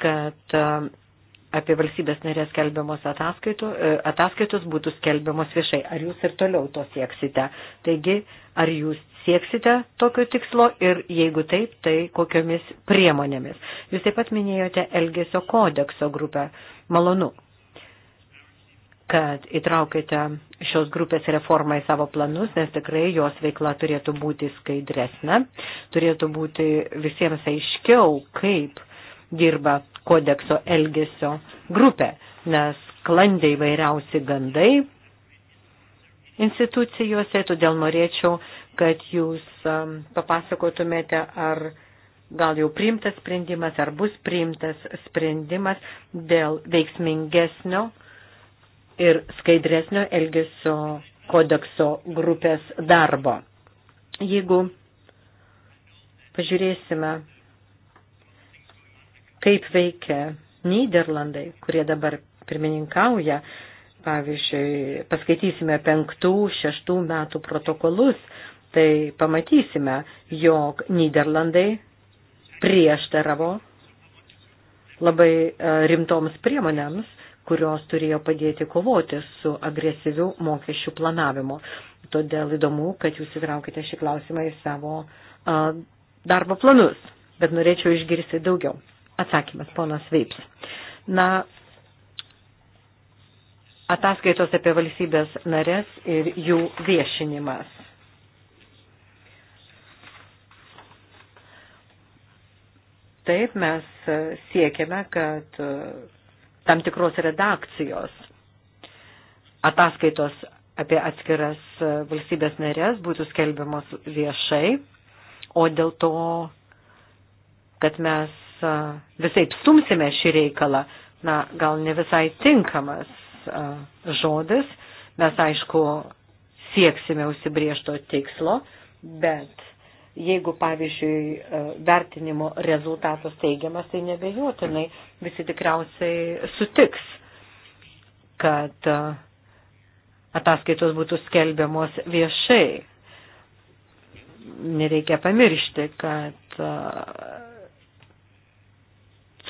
kad apie valstybės narės skelbiamos e, ataskaitos būtų skelbiamos viešai. Ar jūs ir toliau to sieksite? Taigi, ar jūs sieksite tokio tikslo ir jeigu taip, tai kokiomis priemonėmis? Jūs taip pat minėjote Elgesio kodekso grupę. Malonu, kad įtraukite šios grupės reformą į savo planus, nes tikrai jos veikla turėtų būti skaidresnė, turėtų būti visiems aiškiau, kaip dirba kodekso elgesio grupę, nes klandė įvairiausi gandai institucijose, todėl norėčiau, kad jūs um, papasakotumėte, ar gal jau priimtas sprendimas, ar bus priimtas sprendimas dėl veiksmingesnio ir skaidresnio elgesio kodekso grupės darbo. Jeigu pažiūrėsime kaip veikia Niderlandai, kurie dabar pirmininkauja. Pavyzdžiui, paskaitysime penktų, šeštų metų protokolus, tai pamatysime, jog Niderlandai prieštaravo labai e, rimtoms priemonėms, kurios turėjo padėti kovoti su agresyviu mokesčių planavimu. Todėl įdomu, kad jūs įtraukite šį klausimą į savo e, darbo planus, bet norėčiau išgirsti daugiau. Atsakymas, ponas Veips. Na, ataskaitos apie valstybės narės ir jų viešinimas. Taip mes siekiame, kad tam tikros redakcijos ataskaitos apie atskiras valstybės narės būtų skelbiamos viešai, o dėl to, kad mes visai stumsime šį reikalą, na, gal ne visai tinkamas žodis, mes aišku sieksime užsibriešto tikslo, bet jeigu, pavyzdžiui, vertinimo rezultatas teigiamas, tai nebejotinai visi tikriausiai sutiks, kad ataskaitos būtų skelbiamos viešai. Nereikia pamiršti, kad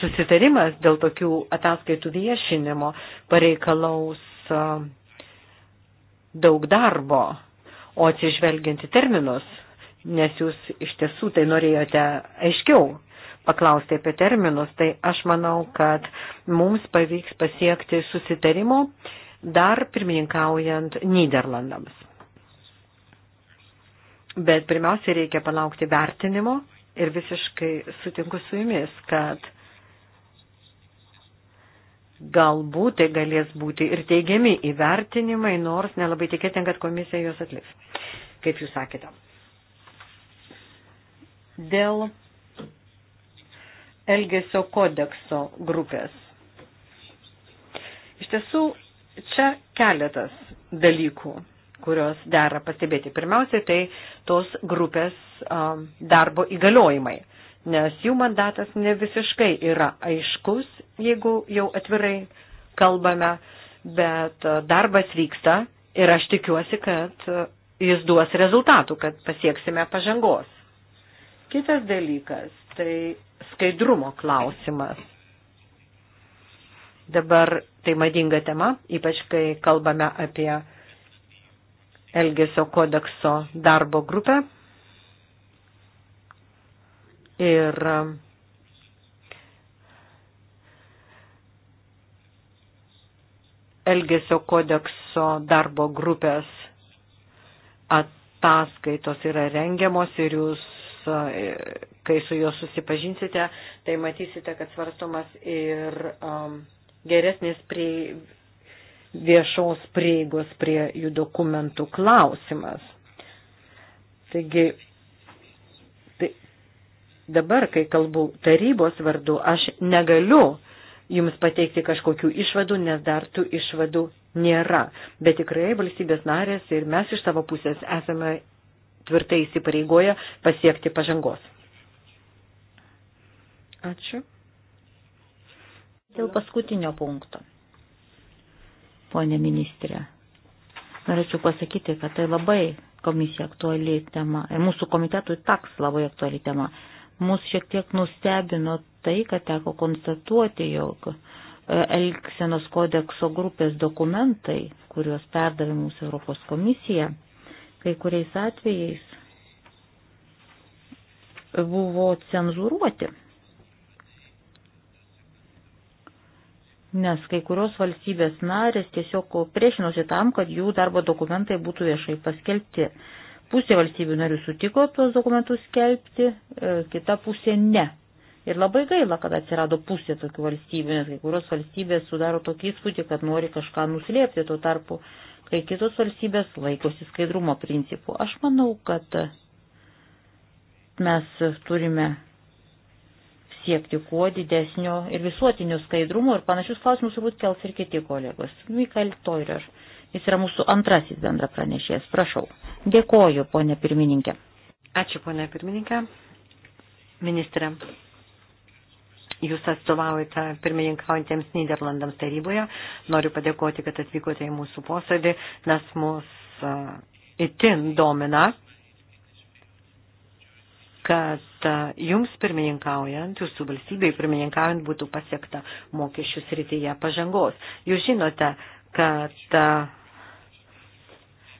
susitarimas dėl tokių ataskaitų viešinimo pareikalaus daug darbo, o atsižvelgianti terminus, nes jūs iš tiesų tai norėjote aiškiau paklausti apie terminus, tai aš manau, kad mums pavyks pasiekti susitarimo dar pirmininkaujant Niderlandams. Bet pirmiausia, reikia palaukti vertinimo ir visiškai sutinku su jumis, kad Galbūt tai galės būti ir teigiami įvertinimai, nors nelabai tikėtin, kad komisija juos atliks, kaip jūs sakėte. Dėl Elgesio kodekso grupės. Iš tiesų, čia keletas dalykų, kurios dera pastebėti. Pirmiausiai, tai tos grupės darbo įgaliojimai nes jų mandatas ne visiškai yra aiškus, jeigu jau atvirai kalbame, bet e, darbas vyksta ir aš tikiuosi, kad e, jis duos rezultatų, kad pasieksime pažangos. Kitas dalykas - tai skaidrumo klausimas. Dabar tai madinga tema, ypač kai kalbame apie Elgesio kodekso darbo grupę, Ir um, Elgesio kodekso darbo grupės ataskaitos yra rengiamos ir jūs, uh, kai su juo susipažinsite, tai matysite, kad svarstomas ir um, geresnės prie viešos prieigos prie jų dokumentų klausimas. Taigi dabar, kai kalbu tarybos vardu, aš negaliu jums pateikti kažkokių išvadų, nes dar tų išvadų nėra. Bet tikrai valstybės narės ir mes iš savo pusės esame tvirtai įsipareigoję pasiekti pažangos. Ačiū. Dėl paskutinio punkto. Pone ministrė, norėčiau pasakyti, kad tai labai komisija aktuali tema ir mūsų komitetui taks labai aktuali tema. Mūsų šiek tiek nustebino tai, kad teko konstatuoti, jog e, Elksenos kodekso grupės dokumentai, kuriuos perdavė mūsų Europos komisija, kai kuriais atvejais buvo cenzūruoti. Nes kai kurios valstybės narės tiesiog priešinosi tam, kad jų darbo dokumentai būtų viešai paskelbti. Pusė valstybių narių sutiko tuos dokumentus skelbti, e, kita pusė ne. Ir labai gaila, kad atsirado pusė tokių valstybių, nes kai kurios valstybės sudaro tokį įspūdį, kad nori kažką nuslėpti, tuo tarpu, kai kitos valstybės laikosi skaidrumo principų. Aš manau, kad mes turime siekti kuo didesnio ir visuotinio skaidrumo ir panašius klausimus turbūt kels ir kiti kolegos. Mikael Toirer. Jis yra mūsų antrasis bendra pranešėjas. Prašau. Dėkoju, ponė pirmininkė. Ačiū, ponė pirmininkė. Ministrė, jūs atstovaujate pirmininkaujantiems Niderlandams taryboje. Noriu padėkoti, kad atvykote į mūsų posėdį, nes mus itin domina, kad jums pirmininkaujant, jūsų valstybei pirmininkaujant būtų pasiekta mokesčių srityje pažangos. Jūs žinote, kad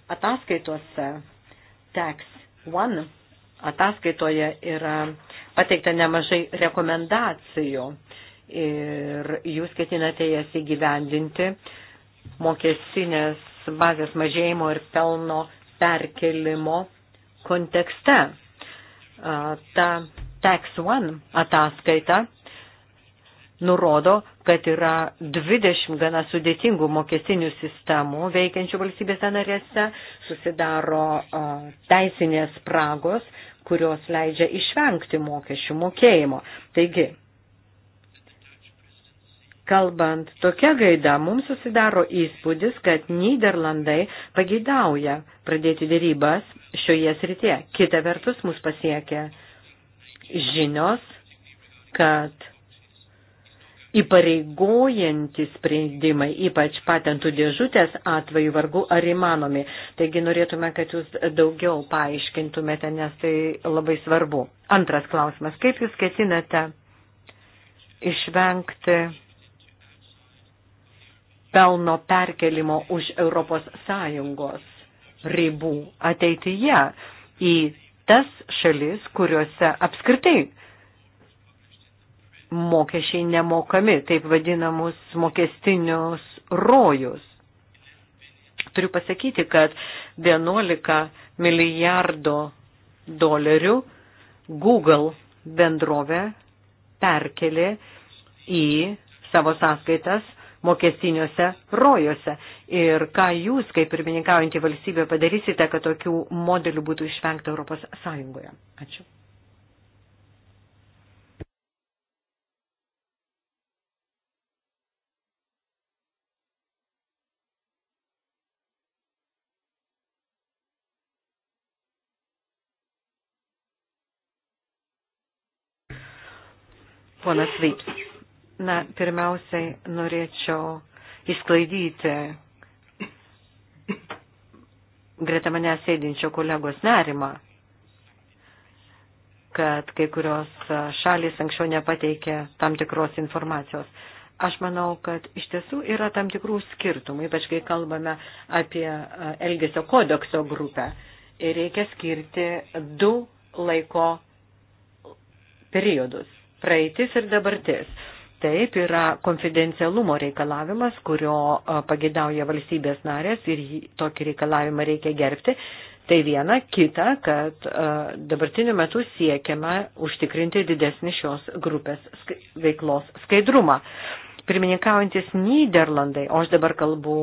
ataskaitose Tax One ataskaitoje yra pateikta nemažai rekomendacijų ir jūs ketinate jas įgyvendinti mokestinės bazės mažėjimo ir pelno perkelimo kontekste. Ta Tax One ataskaita nurodo, kad yra 20 gana sudėtingų mokestinių sistemų veikiančių valstybėse narėse, susidaro teisinės spragos, kurios leidžia išvengti mokesčių mokėjimo. Taigi, kalbant tokia gaida, mums susidaro įspūdis, kad Niderlandai pagidauja pradėti dėrybas šioje srityje. Kita vertus, mus pasiekia žinios, kad įpareigojantys sprendimai, ypač patentų dėžutės atveju vargu ar įmanomi. Taigi norėtume, kad jūs daugiau paaiškintumėte, nes tai labai svarbu. Antras klausimas. Kaip jūs ketinate išvengti pelno perkelimo už Europos Sąjungos ribų ateityje į tas šalis, kuriuose apskritai mokesčiai nemokami, taip vadinamus mokestinius rojus. Turiu pasakyti, kad 11 milijardo dolerių Google bendrovė perkelė į savo sąskaitas mokestiniuose rojuose. Ir ką jūs, kaip pirmininkaujantį valstybę, padarysite, kad tokių modelių būtų išvengta Europos Sąjungoje? Ačiū. Ponas Vyps. Na, pirmiausiai norėčiau išsklaidyti greta mane sėdinčio kolegos nerimą, kad kai kurios šalis anksčiau nepateikė tam tikros informacijos. Aš manau, kad iš tiesų yra tam tikrų skirtumų, ypač kai kalbame apie Elgesio kodekso grupę. Ir reikia skirti du laiko periodus praeitis ir dabartis. Taip yra konfidencialumo reikalavimas, kurio pagėdauja valstybės narės ir tokį reikalavimą reikia gerbti. Tai viena, kita, kad dabartiniu metu siekiama užtikrinti didesnį šios grupės veiklos skaidrumą. Pirmininkaujantis Niderlandai, o aš dabar kalbu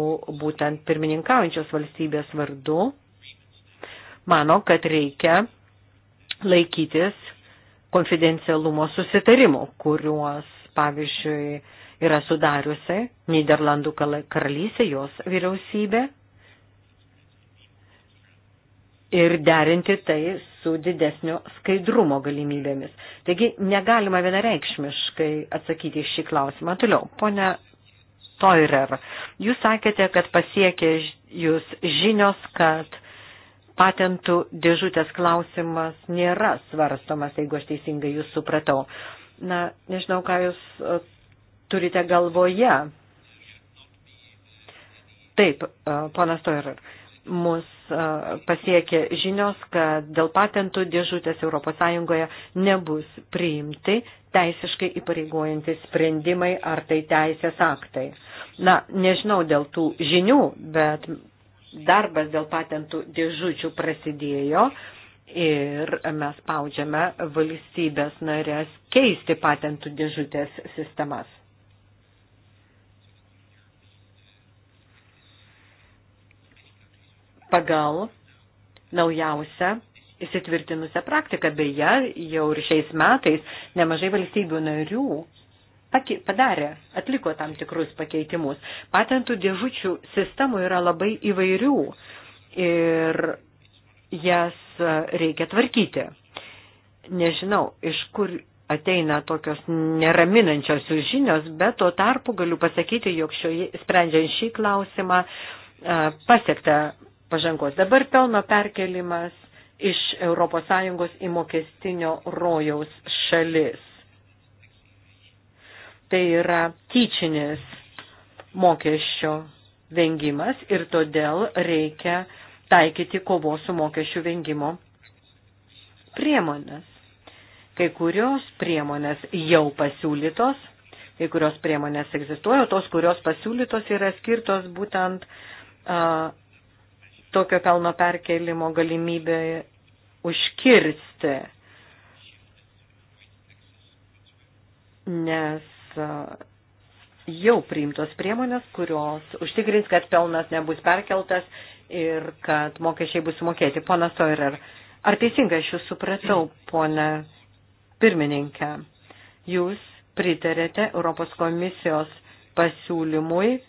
būtent pirmininkaujančios valstybės vardu, mano, kad reikia laikytis konfidencialumo susitarimų, kuriuos, pavyzdžiui, yra sudariusi Niderlandų karalystė, jos vyriausybė. Ir derinti tai su didesnio skaidrumo galimybėmis. Taigi negalima vienareikšmiškai atsakyti šį klausimą. Toliau, ponia Toirer, jūs sakėte, kad pasiekė jūs žinios, kad patentų dėžutės klausimas nėra svarstomas, jeigu aš teisingai jūs supratau. Na, nežinau, ką jūs e, turite galvoje. Taip, e, ponas Toirar, mus e, pasiekė žinios, kad dėl patentų dėžutės ES nebus priimti teisiškai įpareigojantys sprendimai ar tai teisės aktai. Na, nežinau dėl tų žinių, bet darbas dėl patentų dėžučių prasidėjo ir mes spaudžiame valstybės narės keisti patentų dėžutės sistemas. Pagal naujausią įsitvirtinusią praktiką, beje, jau ir šiais metais nemažai valstybių narių padarė, atliko tam tikrus pakeitimus. Patentų dėžučių sistemų yra labai įvairių ir jas e, reikia tvarkyti. Nežinau, iš kur ateina tokios neraminančios žinios, bet tuo tarpu galiu pasakyti, jog šioje, sprendžiant šį klausimą e, pasiekta pažangos. Dabar pelno perkelimas iš ES į mokestinio rojaus šalis tai yra tyčinis mokesčio vengimas ir todėl reikia taikyti kovos su mokesčių vengimo priemonės. Kai kurios priemonės jau pasiūlytos, kai kurios priemonės egzistuoja, tos, kurios pasiūlytos yra skirtos būtent a, tokio pelno perkelimo galimybė užkirsti. Nes jau priimtos priemonės, kurios užtikrins, kad pelnas nebus perkeltas ir kad mokesčiai bus sumokėti. Pona Soirer, ar teisingai aš jūs supratau, pone pirmininkė, jūs pritarėte Europos komisijos pasiūlymui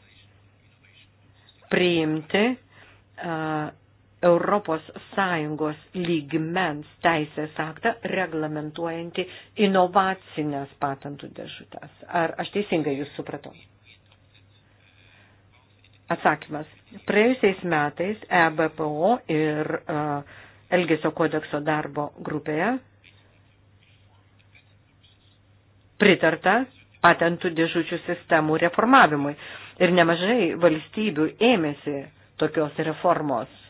priimti uh, Europos Sąjungos lygmens teisės aktą reglamentuojantį inovacinės patentų dėžutės. Ar aš teisingai jūs supratau? Atsakymas. Praėjusiais metais EBPO ir uh, Elgesio kodekso darbo grupėje pritarta patentų dėžučių sistemų reformavimui. Ir nemažai valstybių ėmėsi tokios reformos.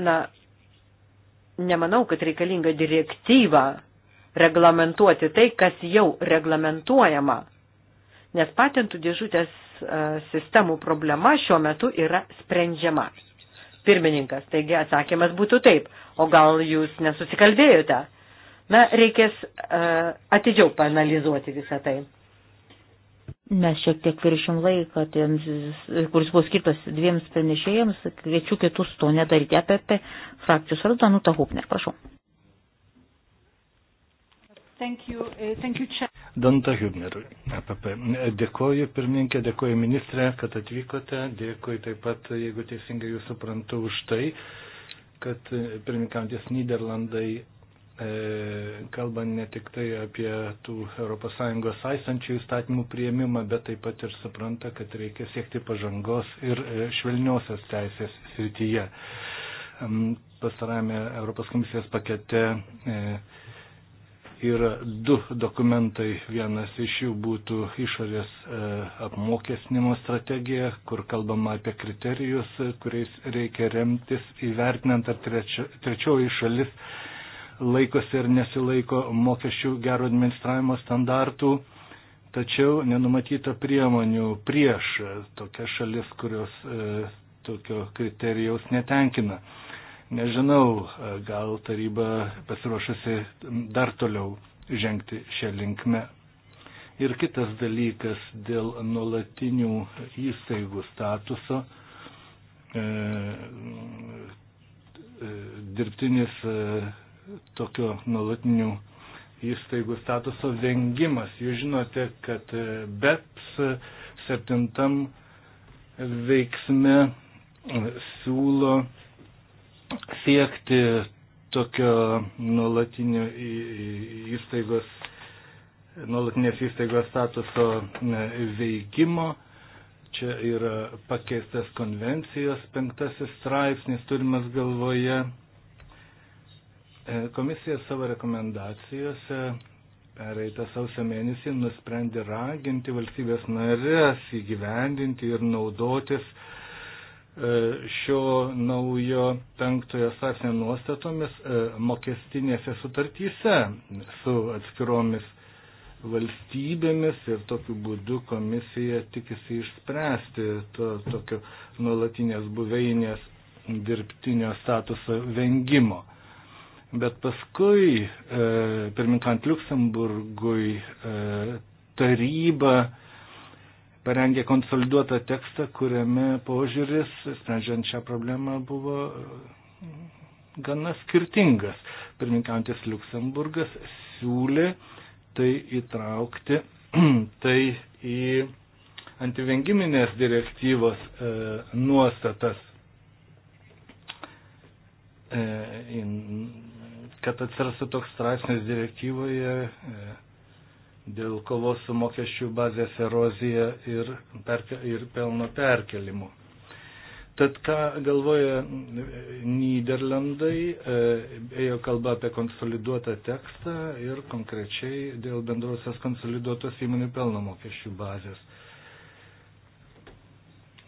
Na, nemanau, kad reikalinga direktyva reglamentuoti tai, kas jau reglamentuojama. Nes patentų dėžutės sistemų problema šiuo metu yra sprendžiama. Pirmininkas, taigi atsakymas būtų taip, o gal jūs nesusikalbėjote? Na, reikės uh, atidžiau panalizuoti visą tai. Mes šiek tiek viršim laiką, tiems, kuris buvo skirtas dviems pranešėjams, kviečiu kitus to nedaryti apie, apie frakcijos vardą, nu tą hupner, prašau. Thank you, e, thank you, Danta Hübnerui, APP. E dėkoju pirmininkė, dėkoju ministrė, kad atvykote, dėkoju taip pat, jeigu teisingai jūs suprantu, už tai, kad pirmininkantis Niderlandai E, kalbant ne tik tai apie tų ES aisančių įstatymų prieimimą, bet taip pat ir supranta, kad reikia siekti pažangos ir e, švelniosios teisės srityje. Pastarame Europos komisijos pakete e, yra du dokumentai. Vienas iš jų būtų išorės apmokesnimo strategija, kur kalbama apie kriterijus, kuriais reikia remtis įvertinant, ar trečioji šalis laikosi ar nesilaiko mokesčių gero administravimo standartų, tačiau nenumatyta priemonių prieš tokias šalis, kurios e, tokio kriterijaus netenkina. Nežinau, e, gal taryba pasiruošusi dar toliau žengti šią linkmę. Ir kitas dalykas dėl nuolatinių įstaigų statuso. E, e dirbtinis e, tokio nuolatinių įstaigų statuso vengimas. Jūs žinote, kad e, BEPS e, septintam veiksme e, siūlo siekti tokio nuolatinio įstaigos, nuolatinės įstaigos statuso veikimo. Čia yra pakeistas konvencijos penktasis straipsnis, turimas galvoje E, komisija savo rekomendacijose pereitą sausio mėnesį nusprendė raginti valstybės narės įgyvendinti ir naudotis e, šio naujo penktojo straipsnio nuostatomis e, mokestinėse sutartyse su atskiromis valstybėmis ir tokiu būdu komisija tikisi išspręsti to tokio nuolatinės buveinės dirbtinio statuso vengimo. Bet paskui, e, pirminkant Luxemburgui, e, taryba parengė konsoliduotą tekstą, kuriame požiūris, sprendžiant šią problemą, buvo e, gana skirtingas. Pirminkantis Luxemburgas siūlė tai įtraukti tai į antivengiminės direktyvos e, nuostatas. E, in, kad atsirastų toks straipsnis direktyvoje e, dėl kovos su mokesčių bazės erozija ir, perke, ir pelno perkelimu. Tad ką galvoja e, Niderlandai, e, ėjo kalba apie konsoliduotą tekstą ir konkrečiai dėl bendrosios konsoliduotos įmonių pelno mokesčių bazės.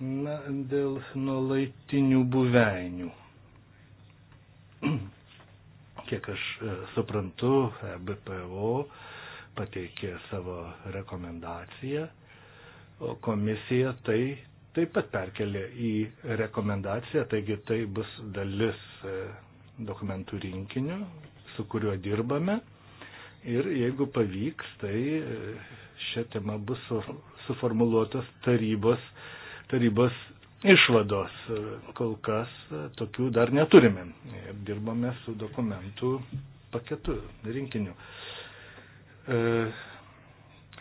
Na, dėl nuolaitinių buveinių. Kiek aš e, suprantu, e, BPO pateikė savo rekomendaciją, o komisija tai taip pat perkelė į rekomendaciją, taigi tai bus dalis e, dokumentų rinkinio, su kuriuo dirbame. Ir jeigu pavyks, tai šią temą bus suformuluotas tarybos, tarybos išvados. E, kol kas e, tokių dar neturime. Dirbame su dokumentų paketu, rinkiniu. E,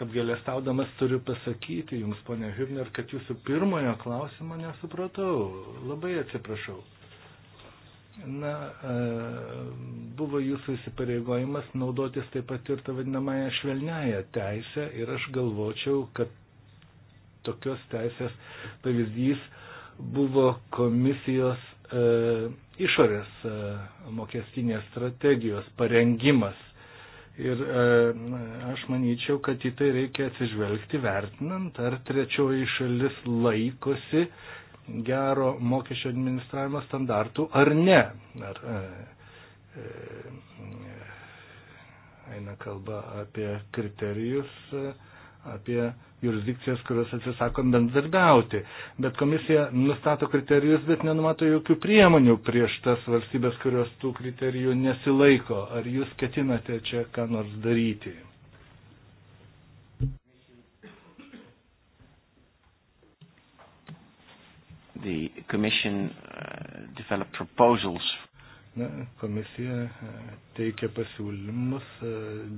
Apgėlėstaudamas turiu pasakyti Jums, ponia Hübner, kad Jūsų pirmojo klausimo nesupratau. Labai atsiprašau. Na, buvo Jūsų įsipareigojimas naudotis taip pat ir tą vadinamąją švelniąją teisę ir aš galvočiau, kad tokios teisės pavyzdys buvo komisijos e, išorės e, mokestinės strategijos parengimas. Ir e, aš manyčiau, kad į tai reikia atsižvelgti vertinant, ar trečioji šalis laikosi gero mokesčio administravimo standartų ar ne. Ar, e, e, eina kalba apie kriterijus. E, apie jurisdikcijas, kurios atsisako bendradarbiauti. Bet komisija nustato kriterijus, bet nenumato jokių priemonių prieš tas valstybės, kurios tų kriterijų nesilaiko. Ar jūs ketinate čia ką nors daryti? The Commission uh, developed proposals Na, komisija e, teikia pasiūlymus e,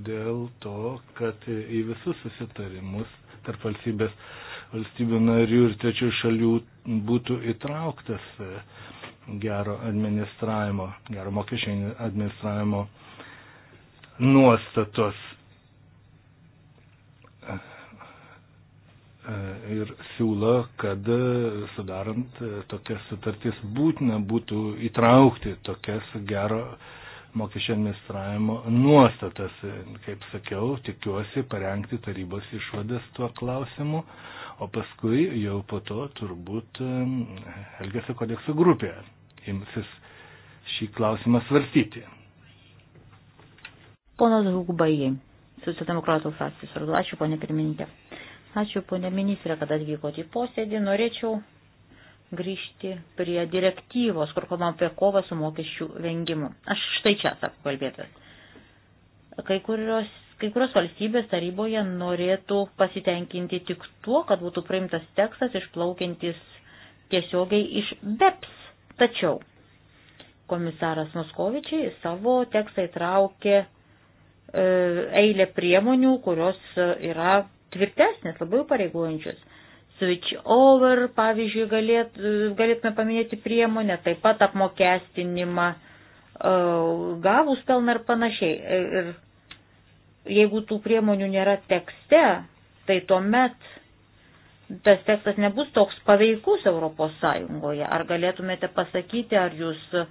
dėl to, kad į visus susitarimus tarp valstybės, valstybių narių ir trečių šalių būtų įtrauktas e, gero administravimo, gero mokesčio administravimo nuostatos. E, ir siūlo, kad e, sudarant e, tokias sutartis būtina būtų įtraukti tokias gero mokesčio administravimo nuostatas. Kaip sakiau, tikiuosi parengti tarybos išvadas tuo klausimu, o paskui jau po to turbūt Elgesio kodekso grupė imsis šį klausimą svarstyti. Ponas Hugbaijai, Socialdemokratų frakcijos vardu, ačiū ponė pirmininkė. Ačiū, ponė ministrė, kad atvykote į posėdį. Norėčiau grįžti prie direktyvos, kur kalbam apie kovą su mokesčių vengimu. Aš štai čia, sako kalbėtas. Kai kurios, kai kurios valstybės taryboje norėtų pasitenkinti tik tuo, kad būtų priimtas tekstas išplaukiantis tiesiogiai iš BEPS. Tačiau komisaras Moskovičiai savo tekstą įtraukė e, eilė priemonių, kurios yra tvirtesnės, labiau pareigojančios. Switch over, pavyzdžiui, galėt, galėtume paminėti priemonę, taip pat apmokestinimą, e, gavus pelną ir panašiai. E, ir jeigu tų priemonių nėra tekste, tai tuomet tas tekstas nebus toks paveikus Europos Sąjungoje. Ar galėtumėte pasakyti, ar jūs uh,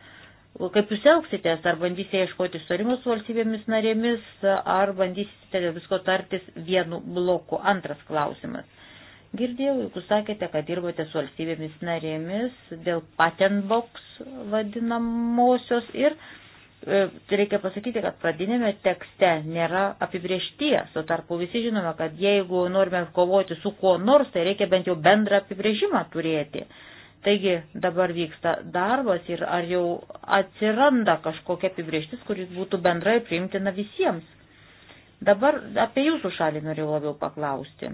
kaip jūs elgsitės, ar bandysite ieškoti sutarimų su valstybėmis narėmis, ar bandysite dėl visko tartis vienu bloku. Antras klausimas. Girdėjau, jūs sakėte, kad dirbate su valstybėmis narėmis dėl patent box vadinamosios ir e, reikia pasakyti, kad pradinėme tekste nėra apibriešties, o tarpu visi žinome, kad jeigu norime kovoti su kuo nors, tai reikia bent jau bendrą apibrėžimą turėti. Uh, Taigi dabar vyksta darbas ir ar jau atsiranda kažkokia apibrieštis, kuris būtų bendrai priimtina visiems. Dabar apie jūsų šalį norėjau labiau paklausti.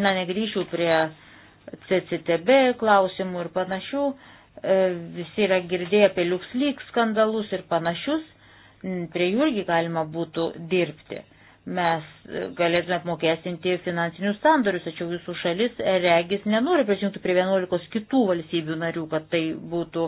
Na, negryšiu prie CCTB klausimų ir panašių. E, visi yra girdėję apie LuxLeaks skandalus ir panašius. Prie jų irgi galima būtų dirbti mes galėtume apmokestinti finansinius sandorius, tačiau jūsų šalis e, regis nenori prisijungti prie 11 kitų valstybių narių, kad tai būtų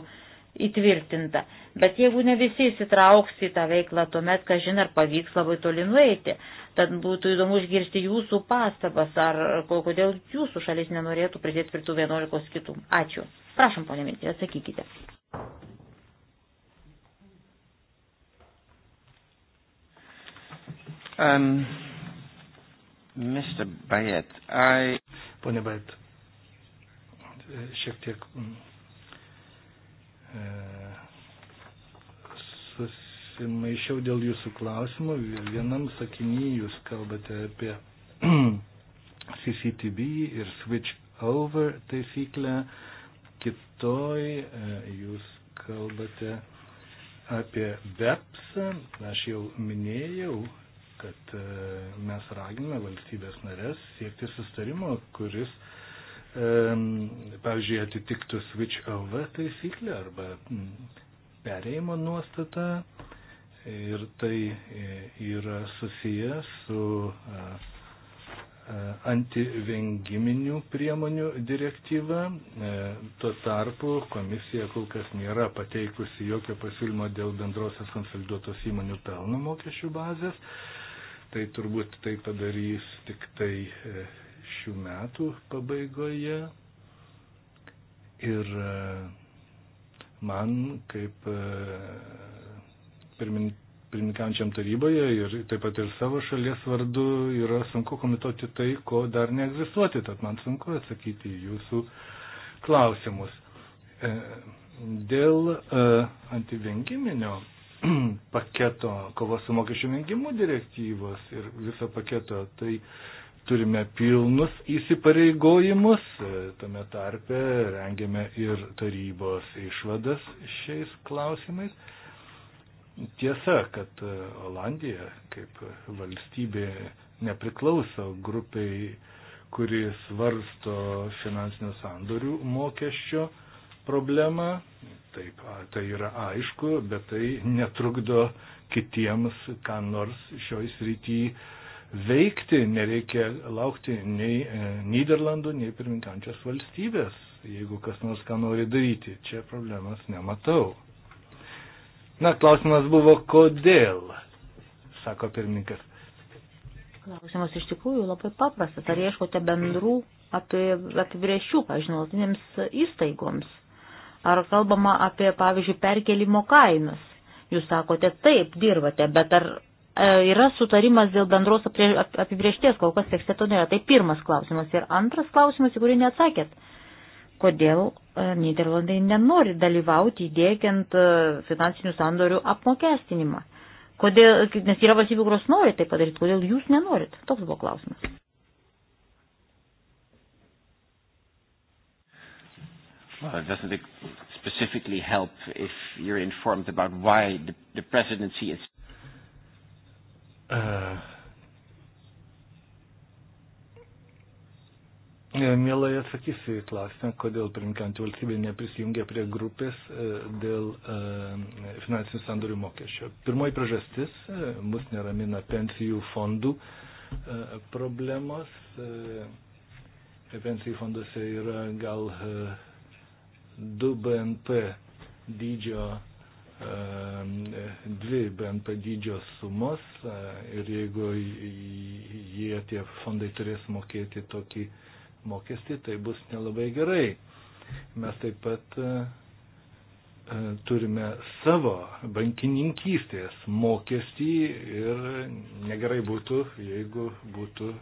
įtvirtinta. Bet jeigu ne visi įsitrauks į tą veiklą, tuomet, ką žin, ar pavyks labai toli nueiti. Tad būtų įdomu išgirsti jūsų pastabas, ar kodėl jūsų šalis nenorėtų pridėti prie tų 11 kitų. Ačiū. Prašom, ponė Mintė, atsakykite. Um, Mr. Bayet, I... Pone Bayet, e, šiek tiek mm, e, susimaišiau dėl jūsų klausimų. Vienam sakiny jūs kalbate apie CCTV ir switch over taisyklę, kitoj e, jūs kalbate apie BEPS, aš jau minėjau kad e, mes raginame valstybės narės siekti sustarimo, kuris, e, pavyzdžiui, atitiktų switch over taisyklę arba mm, perėjimo nuostatą ir tai e, yra susiję su antivengiminių priemonių direktyva. Tuo tarpu komisija kol kas nėra pateikusi jokio pasiūlymo dėl bendrosios konsoliduotos įmonių pelno mokesčių bazės. Tai turbūt tai padarys tik tai e, šių metų pabaigoje. Ir e, man kaip e, pirmininkančiam taryboje ir taip pat ir savo šalies vardu yra sunku komituoti tai, ko dar neegzistuoti, tad man sunku atsakyti į jūsų klausimus. Dėl antivengiminio paketo, kovos su mokesčių vengimu direktyvos ir viso paketo, tai turime pilnus įsipareigojimus, tame tarpe rengiame ir tarybos išvadas šiais klausimais. Tiesa, kad Olandija kaip valstybė nepriklauso grupiai, kuris varsto finansinių sandorių mokesčio problema, taip, tai yra aišku, bet tai netrukdo kitiems, ką nors šioj srity veikti, nereikia laukti nei e, Niderlandų, nei pirminkančios valstybės, jeigu kas nors ką nori daryti. Čia problemas nematau. Na, klausimas buvo, kodėl, sako pirmininkas. Klausimas iš tikrųjų labai paprastas. Ar ieškote bendrų apibrėžčių, pažinotiniams įstaigoms? Ar kalbama apie, pavyzdžiui, perkelimo kainas? Jūs sakote, taip, dirbate, bet ar e, yra sutarimas dėl bendros apibriešties, kol kas tekste to nėra. Tai pirmas klausimas. Ir antras klausimas, į kurį neatsakėt. Kodėl e, Niderlandai nenori dalyvauti įdėkiant e, finansinių sandorių apmokestinimą? Kodėl, nes yra valstybių, kurios nori tai padaryti, kodėl jūs nenorit? Toks buvo klausimas. Well, it doesn't specifically help if you're informed about why the, the presidency is. Uh, e, Mielai atsakysiu į klausimą, kodėl pirminkantį valstybė neprisijungia prie grupės e, dėl e, finansinių sandorių mokesčio. Pirmoji priežastis mus neramina pensijų fondų problemos. Pensijų fonduose yra gal 2 BNP dydžio, 2 BNP dydžio sumos e, ir jeigu jie tie fondai turės mokėti tokį mokestį, tai bus nelabai gerai. Mes taip pat e, e, turime savo bankininkystės mokestį ir negerai būtų, jeigu būtų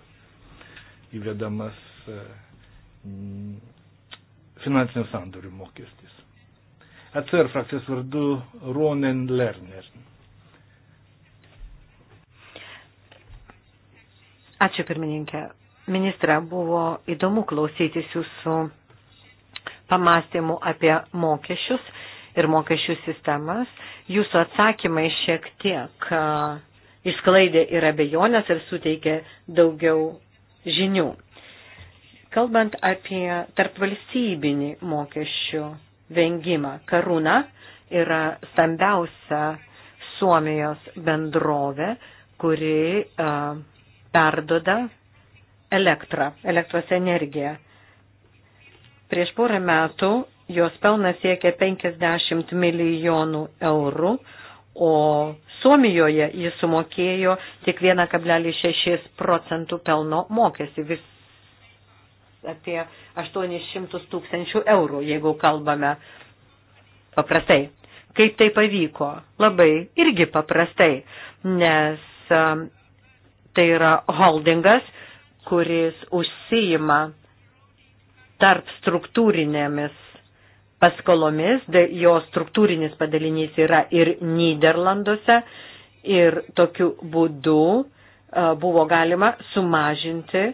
įvedamas finansinių sandorių mokestis. ECR frakcijos vardu Ronen Lerner. Ačiū pirmininkė. Ministra, buvo įdomu klausytis jūsų pamastymų apie mokesčius ir mokesčių sistemas. Jūsų atsakymai šiek tiek išsklaidė ir abejonės ir suteikė daugiau žinių. Kalbant apie tarpvalstybinį mokesčių vengimą, Karūna yra stambiausia Suomijos bendrovė, kuri uh, perdoda elektrą, elektros energiją. Prieš porą metų jos pelnas siekia 50 milijonų eurų, o Suomijoje jis sumokėjo tik 1,6 procentų pelno mokestį. Vis apie 800 tūkstančių eurų, jeigu kalbame paprastai. Kaip tai pavyko? Labai irgi paprastai, nes um, tai yra holdingas, kuris užsijima tarp struktūrinėmis paskolomis, jo struktūrinis padalinys yra ir Niderlanduose ir tokiu būdu uh, buvo galima sumažinti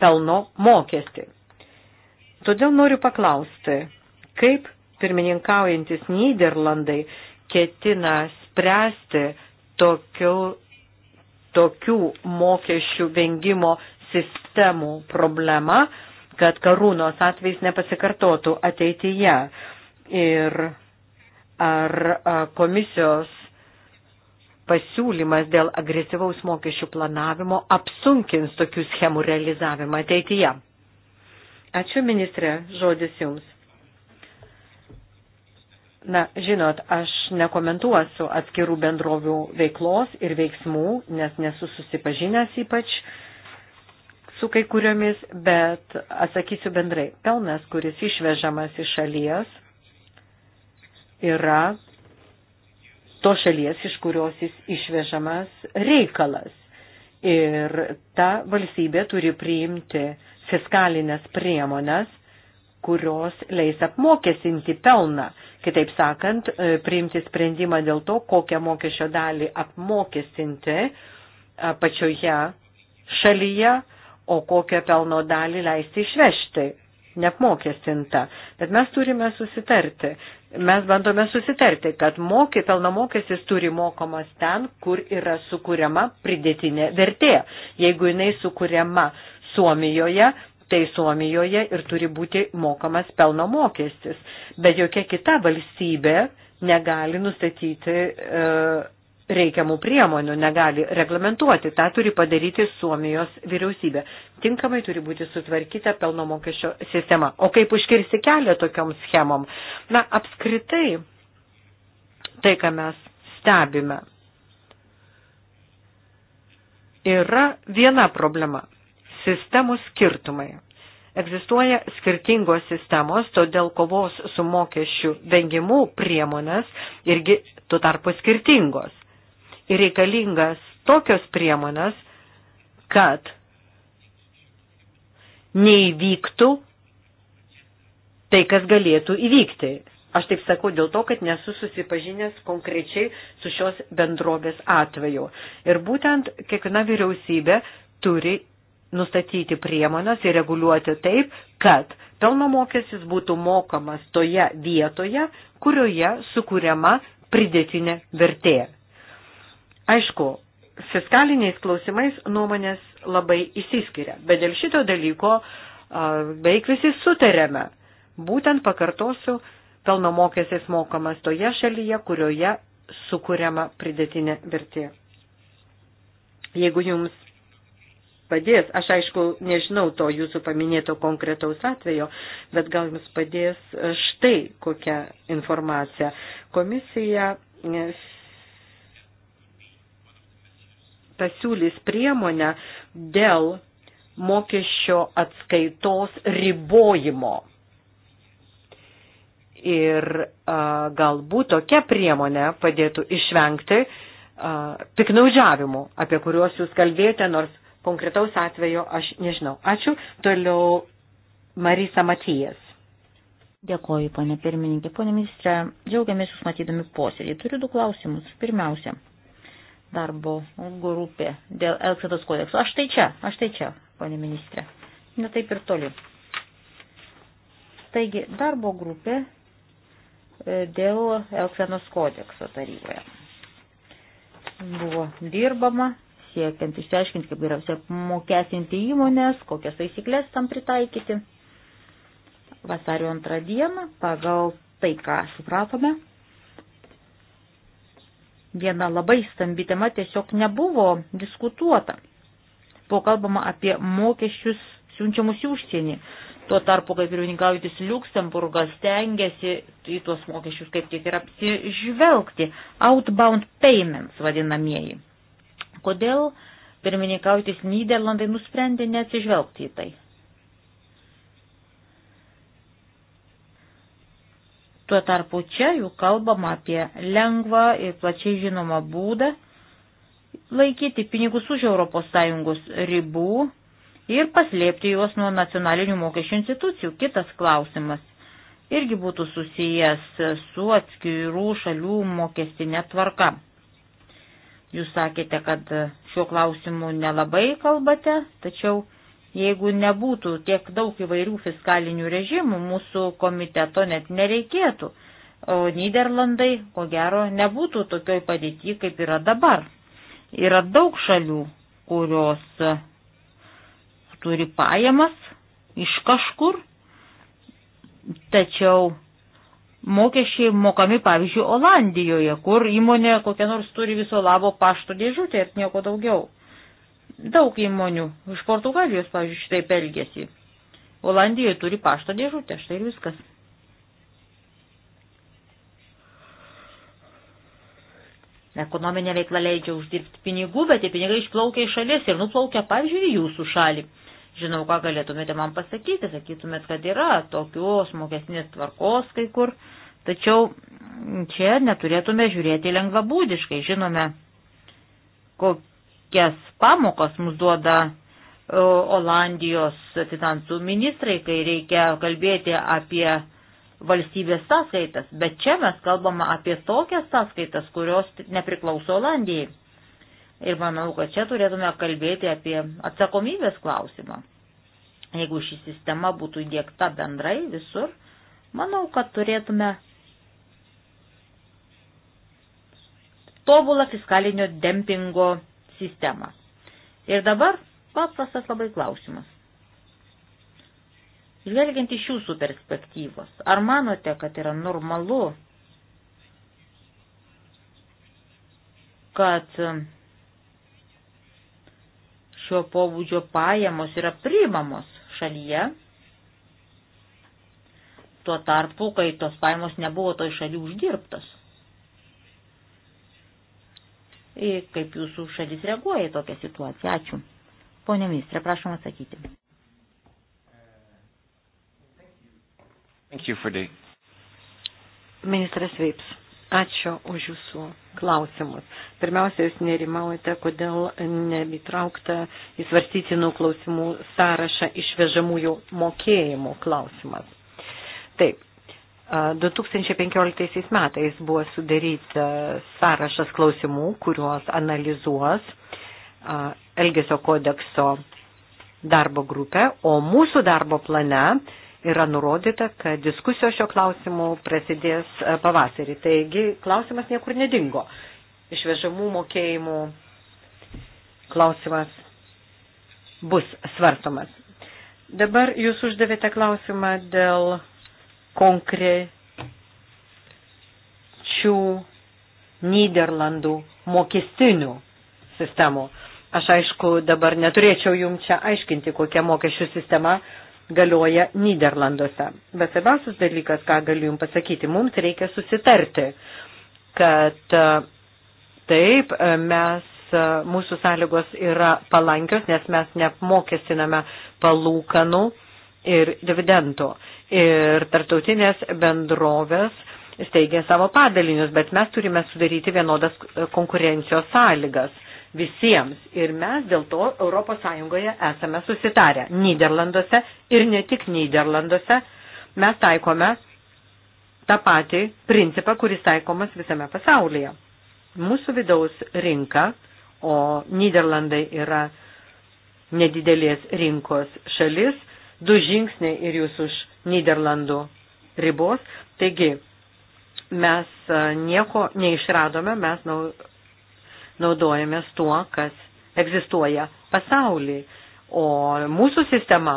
pelno mokestį. Todėl noriu paklausti, kaip pirmininkaujantis Niderlandai ketina spręsti tokių, tokių mokesčių vengimo sistemų problemą, kad karūnos atvejs nepasikartotų ateityje. Ir ar komisijos pasiūlymas dėl agresyvaus mokesčių planavimo apsunkins tokių schemų realizavimą ateityje. Ačiū, ministrė, žodis jums. Na, žinot, aš nekomentuosiu atskirų bendrovių veiklos ir veiksmų, nes nesu susipažinęs ypač su kai kuriomis, bet atsakysiu bendrai. Pelnas, kuris išvežamas iš šalies, yra to šalies, iš kurios jis išvežamas reikalas. Ir ta valstybė turi priimti fiskalinės priemonės, kurios leis apmokestinti pelną. Kitaip sakant, e, priimti sprendimą dėl to, kokią mokesčio dalį apmokestinti e, pačioje šalyje, o kokią pelno dalį leisti išvežti neapmokestinta. Bet mes turime susitarti. Mes bandome susitarti, kad mokė, pelno mokestis turi mokamas ten, kur yra sukūriama pridėtinė vertė. Jeigu jinai sukūriama Suomijoje, tai Suomijoje ir turi būti mokamas pelno mokestis. Bet jokia kita valstybė negali nustatyti e, reikiamų priemonių negali reglamentuoti. Ta turi padaryti Suomijos vyriausybė. Tinkamai turi būti sutvarkyta pelno mokesčio sistema. O kaip užkirsti kelią tokiom schemom? Na, apskritai, tai, ką mes stebime, yra viena problema – sistemų skirtumai. Egzistuoja skirtingos sistemos, todėl kovos su mokesčių vengimu priemonės irgi tuo tarpu skirtingos ir reikalingas tokios priemonės, kad neįvyktų tai, kas galėtų įvykti. Aš taip sakau dėl to, kad nesu susipažinęs konkrečiai su šios bendrovės atveju. Ir būtent kiekviena vyriausybė turi nustatyti priemonas ir reguliuoti taip, kad pelno mokestis būtų mokamas toje vietoje, kurioje sukūriama pridėtinė vertė. Aišku, fiskaliniais klausimais nuomonės labai įsiskiria, bet dėl šito dalyko beveik visi sutarėme. Būtent pakartosiu, pelno mokestis mokamas toje šalyje, kurioje sukūriama pridėtinė vertė. Jeigu jums padės, aš aišku nežinau to jūsų paminėto konkretaus atvejo, bet gal jums padės štai kokia informacija. Komisija pasiūlys priemonę dėl mokesčio atskaitos ribojimo. Ir a, galbūt tokia priemonė padėtų išvengti a, piknaudžiavimų, apie kuriuos jūs kalbėjote, nors konkretaus atvejo aš nežinau. Ačiū. Toliau Marisa Matijas. Dėkoju, ponė pirmininkė. Pone ministrė, džiaugiamės jūs matydami posėdį. Turiu du klausimus. Pirmiausia, darbo grupė dėl Elksetos kodekso. Aš tai čia, aš tai čia, ponė ministrė. Na taip ir toli. Taigi, darbo grupė e, dėl Elksenos kodekso taryboje. Buvo dirbama, siekiant išsiaiškinti, kaip geriausia mokėsinti įmonės, kokias taisyklės tam pritaikyti. Vasario antrą dieną, pagal tai, ką supratome, viena labai stambi tema tiesiog nebuvo diskutuota. Buvo kalbama apie mokesčius siunčiamus į užsienį. Tuo tarpu, kaip pirmininkaujantis Luxemburgas tengiasi į tuos mokesčius kaip tik ir apsižvelgti. Outbound payments vadinamieji. Kodėl pirmininkaujantis Niderlandai nusprendė neatsižvelgti į tai? Tuo tarpu čia jau kalbama apie lengvą ir plačiai žinomą būdą laikyti pinigus už ES ribų ir paslėpti juos nuo nacionalinių mokesčių institucijų. Kitas klausimas irgi būtų susijęs su atskirų šalių mokestinė tvarka. Jūs sakėte, kad šiuo klausimu nelabai kalbate, tačiau Jeigu nebūtų tiek daug įvairių fiskalinių režimų, mūsų komiteto net nereikėtų. O Niderlandai, ko gero, nebūtų tokioj padėti, kaip yra dabar. Yra daug šalių, kurios e, turi pajamas iš kažkur, tačiau mokesčiai mokami, pavyzdžiui, Olandijoje, kur įmonė kokia nors turi viso labo pašto dėžutę ir nieko daugiau. Daug įmonių iš Portugalijos, pavyzdžiui, šitaip elgesi. Olandijoje turi pašto dėžutę, štai ir viskas. Ekonominė veikla leidžia uždirbti pinigų, bet tie pinigai išplaukia iš šalies ir nuplaukia, pavyzdžiui, į jūsų šalį. Žinau, ką galėtumėte man pasakyti, sakytumėt, kad yra tokios mokesnės tvarkos kai kur, tačiau čia neturėtume žiūrėti lengvabūdiškai, žinome, kokie kokias pamokas mus duoda e, Olandijos finansų ministrai, kai reikia kalbėti apie valstybės sąskaitas, bet čia mes kalbame apie tokias sąskaitas, kurios nepriklauso Olandijai. Ir manau, kad čia turėtume kalbėti apie atsakomybės klausimą. Jeigu ši sistema būtų įdėkta bendrai visur, manau, kad turėtume tobulą fiskalinio dempingo sistemą. Ir dabar paprastas labai klausimas. Žvelgiant iš jūsų perspektyvos, ar manote, kad yra normalu, kad šio pobūdžio pajamos yra priimamos šalyje, tuo tarpu, kai tos pajamos nebuvo toj šaly uždirbtos? kaip jūsų šalis reaguoja į tokią situaciją. Ačiū. Pone ministrė, prašom atsakyti. The... Ministras Veips, ačiū už jūsų klausimus. Pirmiausia, jūs nerimaujate, kodėl nebitraukta įsvarstytinų klausimų sąrašą išvežamųjų mokėjimų klausimas. Taip, 2015 metais buvo sudarytas sąrašas klausimų, kuriuos analizuos Elgesio kodekso darbo grupė, o mūsų darbo plane yra nurodyta, kad diskusijos šio klausimu prasidės pavasarį. Taigi klausimas niekur nedingo. Išvežamų mokėjimų klausimas bus svarstomas. Dabar jūs uždavėte klausimą dėl konkrečių Niderlandų mokestinių sistemų. Aš aišku, dabar neturėčiau jum čia aiškinti, kokia mokesčių sistema galioja Niderlanduose. Bet svarbiausias dalykas, ką galiu jum pasakyti, mums reikia susitarti, kad e, taip e, mes e, mūsų sąlygos yra palankios, nes mes neapmokestiname palūkanų ir dividendų ir tartautinės bendrovės steigia savo padalinius, bet mes turime sudaryti vienodas konkurencijos sąlygas visiems. Ir mes dėl to ES esame susitarę. Niderlanduose ir ne tik Niderlanduose mes taikome tą patį principą, kuris taikomas visame pasaulyje. Mūsų vidaus rinka, o Niderlandai yra nedidelės rinkos šalis, du žingsniai ir jūs už Niderlandų ribos. Taigi, mes e, nieko neišradome, mes naudojamės tuo, kas egzistuoja pasaulyje. O mūsų sistema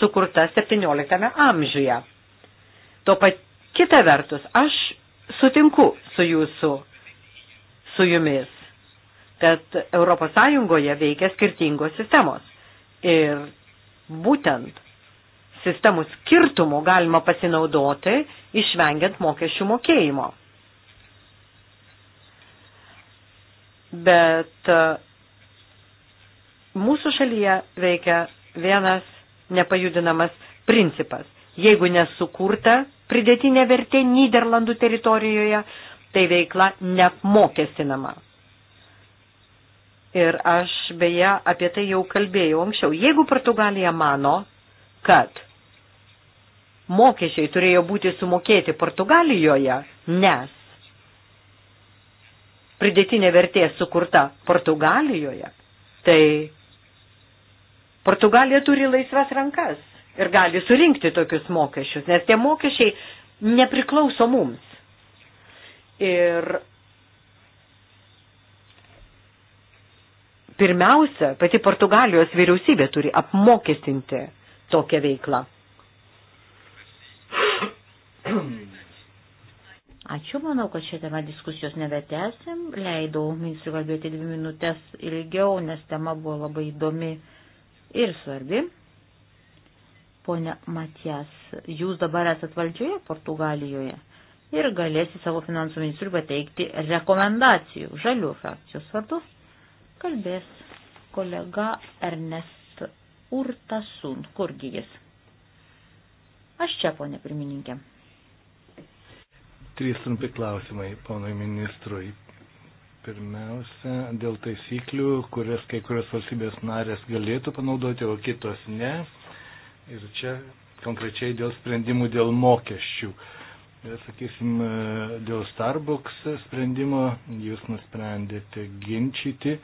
sukurta 17 amžiuje. To pat kita vertus, aš sutinku su jūsų, su jumis, kad Europos Sąjungoje veikia skirtingos sistemos. Ir būtent sistemų skirtumų galima pasinaudoti, išvengiant mokesčių mokėjimo. Bet e, mūsų šalyje veikia vienas nepajudinamas principas. Jeigu nesukurta pridėtinė vertė Niderlandų teritorijoje, tai veikla neapmokestinama. Ir aš beje apie tai jau kalbėjau anksčiau. Jeigu Portugalija mano, kad mokesčiai turėjo būti sumokėti Portugalijoje, nes pridėtinė vertė sukurta Portugalijoje, tai Portugalija turi laisvas rankas ir gali surinkti tokius mokesčius, nes tie mokesčiai nepriklauso mums. Ir pirmiausia, pati Portugalijos vyriausybė turi apmokestinti tokią veiklą. Ačiū, manau, kad šią temą diskusijos nebetesim. Leidau ministrui kalbėti dvi minutės ilgiau, nes tema buvo labai įdomi ir svarbi. Pone Matijas, jūs dabar esat valdžioje Portugalijoje ir galėsi savo finansų ministrui pateikti rekomendacijų. Žalių frakcijos vardu kalbės kolega Ernest Urtasun. Kurgi jis? Aš čia, ponė pirmininkė. Trys trumpi klausimai ponui ministrui. Pirmiausia, dėl taisyklių, kurias kai kurios valstybės narės galėtų panaudoti, o kitos ne. Ir čia konkrečiai dėl sprendimų dėl mokesčių. Sakysim, dėl Starbucks sprendimo jūs nusprendėte ginčyti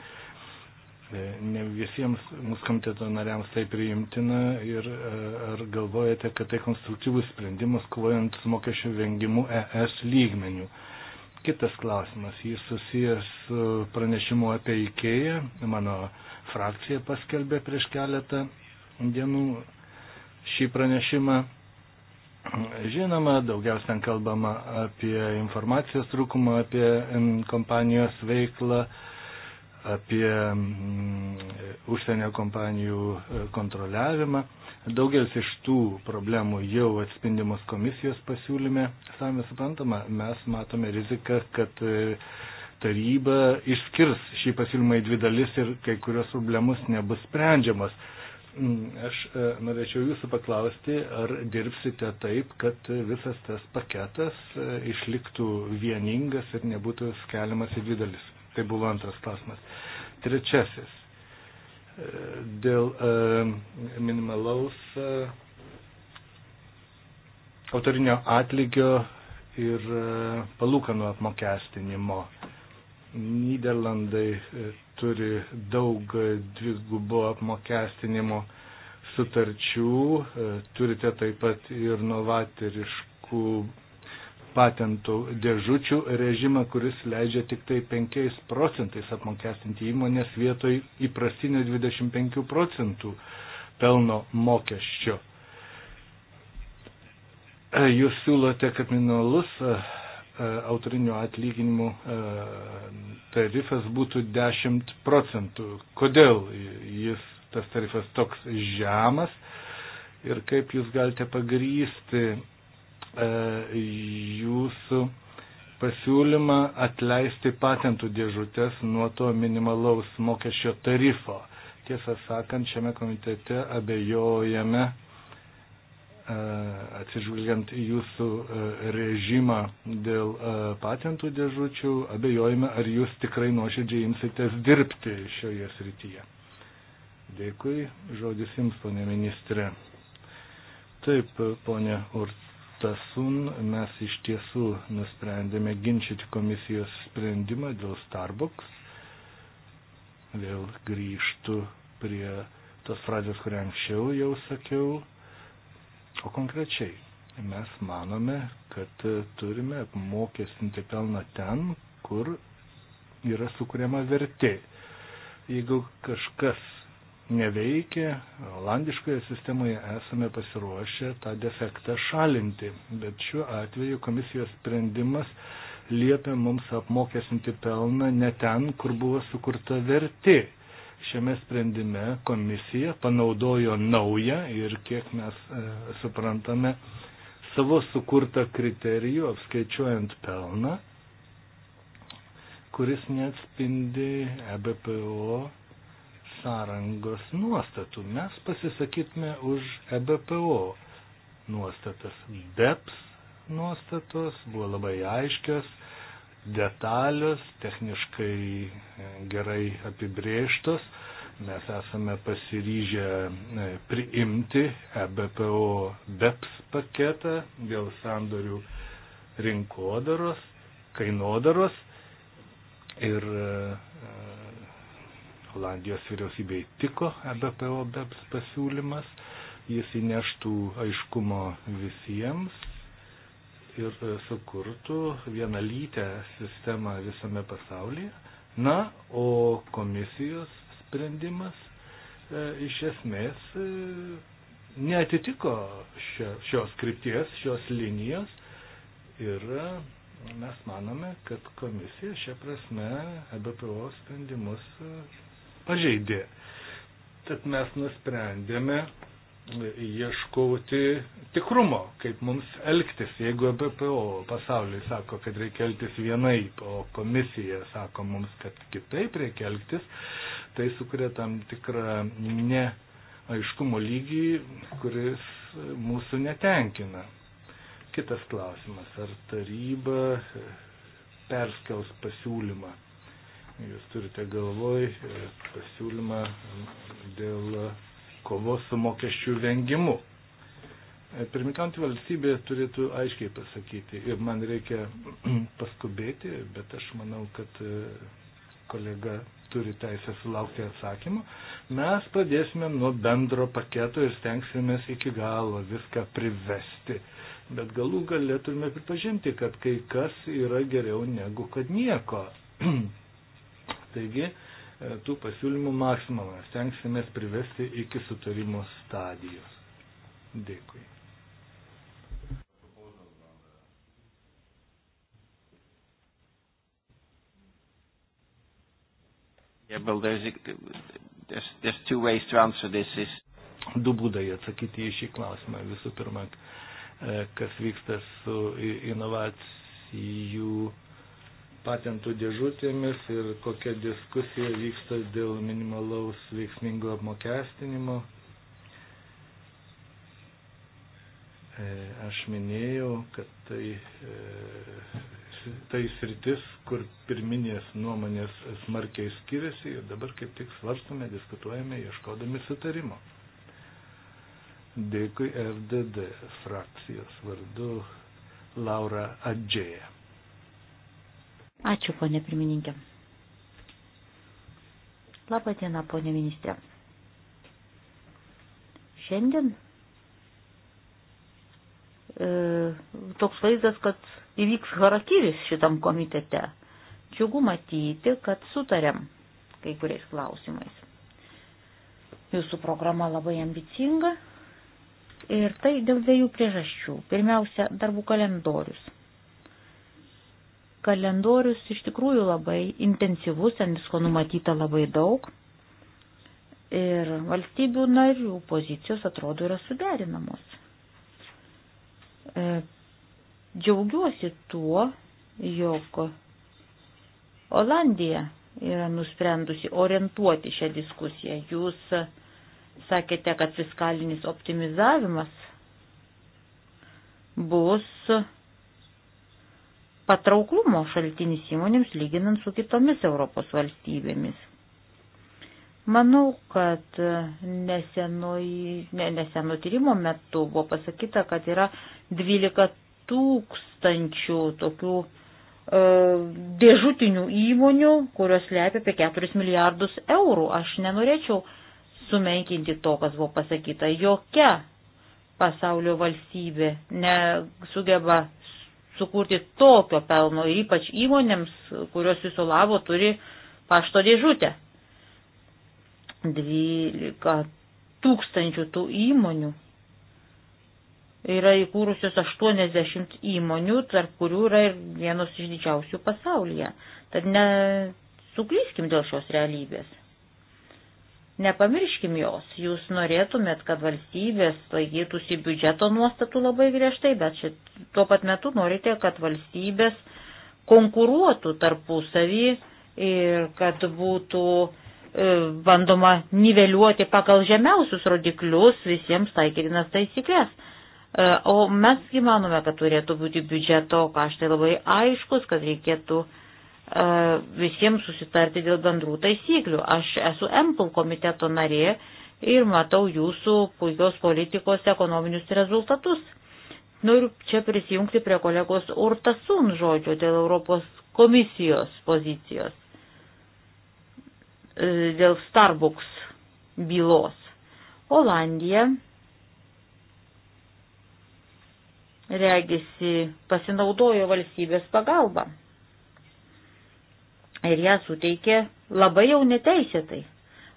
E, ne visiems mūsų komiteto nariams tai priimtina ir e, ar galvojate, kad tai konstruktyvus sprendimas kovojant su mokesčių vengimu ES lygmenių. Kitas klausimas, jis susijęs su pranešimu apie IKEA, mano frakcija paskelbė prieš keletą dienų šį pranešimą. Žinoma, daugiausia ten kalbama apie informacijos trūkumą, apie kompanijos veiklą, uh, apie mm, užsienio kompanijų e, kontroliavimą. Daugelis iš tų problemų jau atspindimos komisijos pasiūlyme. Savame suprantama, mes matome riziką, kad e, taryba išskirs šį pasiūlymą į dvi dalis ir kai kurios problemos nebus sprendžiamos. Mm, aš e, norėčiau jūsų paklausti, ar dirbsite taip, kad visas tas paketas išliktų vieningas ir nebūtų skeliamas į dvi dalis. Tai buvo antras klausimas. Trečiasis. E, dėl e, minimalaus e, autorinio atlygio ir palūkanų apmokestinimo. Niderlandai turi daug dvigubo apmokestinimo sutarčių, turite taip pat ir novatoriškų patentų dėžučių režimą, kuris leidžia tik tai 5 procentais apmokestinti įmonės vietoj įprastinio 25 procentų pelno mokesčio. E, jūs siūlote, kad minimalus e, e, autorinių atlyginimų tarifas būtų 10 procentų. Kodėl jis tas tarifas toks žemas ir kaip jūs galite pagrysti E, jūsų pasiūlymą atleisti patentų dėžutės nuo to minimalaus mokesčio tarifo. Tiesą sakant, šiame komitete abejojame, e, atsižvelgiant į jūsų e, režimą dėl patentų dėžučių, abejojame, ar jūs tikrai nuoširdžiai imsitės dirbti šioje srityje. Dėkui, žodis jums, ponė ministrė. Taip, ponė Urt Tasun mes iš tiesų nusprendėme ginčyti komisijos sprendimą dėl Starbucks. Vėl grįžtu prie tos frazės, kurią anksčiau jau sakiau. O konkrečiai, mes manome, kad turime apmokestinti pelną ten, kur yra sukuriama vertė. Jeigu kažkas neveikia, olandiškoje sistemoje esame pasiruošę tą defektą šalinti, bet šiuo atveju komisijos sprendimas liepia mums apmokėsinti pelną ne ten, kur buvo sukurta vertė. Šiame sprendime komisija panaudojo naują ir, kiek mes e, suprantame, savo sukurtą kriterijų apskaičiuojant pelną, kuris neatspindi EBPO sąrangos nuostatų. Mes pasisakytume už EBPO nuostatas. DEPS nuostatos buvo labai aiškios, detalios, techniškai e, gerai apibrėžtos. Mes esame pasiryžę e, priimti EBPO DEPS paketą dėl sandorių rinkodaros, kainodaros ir e, Olandijos vyriausybei tiko EBPO BEPS pasiūlymas, jis įneštų aiškumo visiems ir sukurtų vienalytę sistemą visame pasaulyje. Na, o komisijos sprendimas e, iš esmės e, neatitiko šio, šios krypties, šios linijos ir e, mes manome, kad komisija šią prasme EBPO sprendimus e, pažeidė. Tad mes nusprendėme ieškoti tikrumo, kaip mums elgtis, jeigu BPO pasauliai sako, kad reikia elgtis vienaip, o komisija sako mums, kad kitaip reikia elgtis, tai sukuria tam tikrą neaiškumo lygį, kuris mūsų netenkina. Kitas klausimas, ar taryba perskels pasiūlymą Jūs turite galvoj e, pasiūlymą dėl kovos su mokesčių vengimu. E, Pirmikant valstybė turėtų aiškiai pasakyti ir man reikia paskubėti, bet aš manau, kad e, kolega turi teisę sulaukti atsakymą. Mes pradėsime nuo bendro paketo ir stengsimės iki galo viską privesti. Bet galų galėtume pripažinti, kad kai kas yra geriau negu kad nieko. Taigi, e, tų pasiūlymų maksimumą stengsimės privesti iki sutarimo stadijos. Dėkui. Yeah, well, there's, there's, there's two ways to answer this. Is... Du būdai atsakyti į šį klausimą. Visų pirma, e, kas vyksta su inovacijų patentų dėžutėmis ir kokia diskusija vyksta dėl minimalaus veiksmingo apmokestinimo. E, aš minėjau, kad tai, e, tai sritis, kur pirminės nuomonės smarkiai skiriasi ir dabar kaip tik svarstame, diskutuojame, ieškodami sutarimo. Dėkui FDD frakcijos vardu Laura Adžėja. Ačiū, ponė pirmininkė. Labą dieną, ponė ministrė. Šiandien e, toks vaizdas, kad įvyks harakiris šitam komitete. Džiugu matyti, kad sutarėm kai kuriais klausimais. Jūsų programa labai ambicinga ir tai dėl dviejų priežasčių. Pirmiausia, darbų kalendorius. Kalendorius iš tikrųjų labai intensyvus, ten visko numatyta labai daug. Ir valstybių narių pozicijos atrodo yra suderinamos. E, džiaugiuosi tuo, jog Olandija yra nusprendusi orientuoti šią diskusiją. Jūs sakėte, kad fiskalinis optimizavimas bus patrauklumo šaltinis įmonėms lyginant su kitomis Europos valstybėmis. Manau, kad nesenoj, ne, neseno tyrimo metu buvo pasakyta, kad yra 12 tūkstančių tokių e, dėžutinių įmonių, kurios lepia apie 4 milijardus eurų. Aš nenorėčiau sumenkinti to, kas buvo pasakyta. Jokia pasaulio valstybė nesugeba sukurti tokio pelno ir ypač įmonėms, kurios viso labo turi pašto dėžutę. 12 tūkstančių tų įmonių yra įkūrusios 80 įmonių, tarp kurių yra ir vienos iš didžiausių pasaulyje. Tad nesuklyskime dėl šios realybės. Nepamirškim jos, jūs norėtumėt, kad valstybės laikytųsi biudžeto nuostatų labai griežtai, bet šit, tuo pat metu norite, kad valstybės konkuruotų tarpusavį ir kad būtų e, bandoma niveliuoti pagal žemiausius rodiklius visiems taikytinas taisyklės. E, o mesgi manome, kad turėtų būti biudžeto kaštai labai aiškus, kad reikėtų visiems susitarti dėl bendrų taisyklių. Aš esu MPL komiteto narė ir matau jūsų puikios politikos ekonominius rezultatus. Noriu čia prisijungti prie kolegos Urtasun žodžio dėl Europos komisijos pozicijos, e, dėl Starbucks bylos. Olandija regisi pasinaudojo valstybės pagalbą ir ją suteikė labai jau neteisėtai.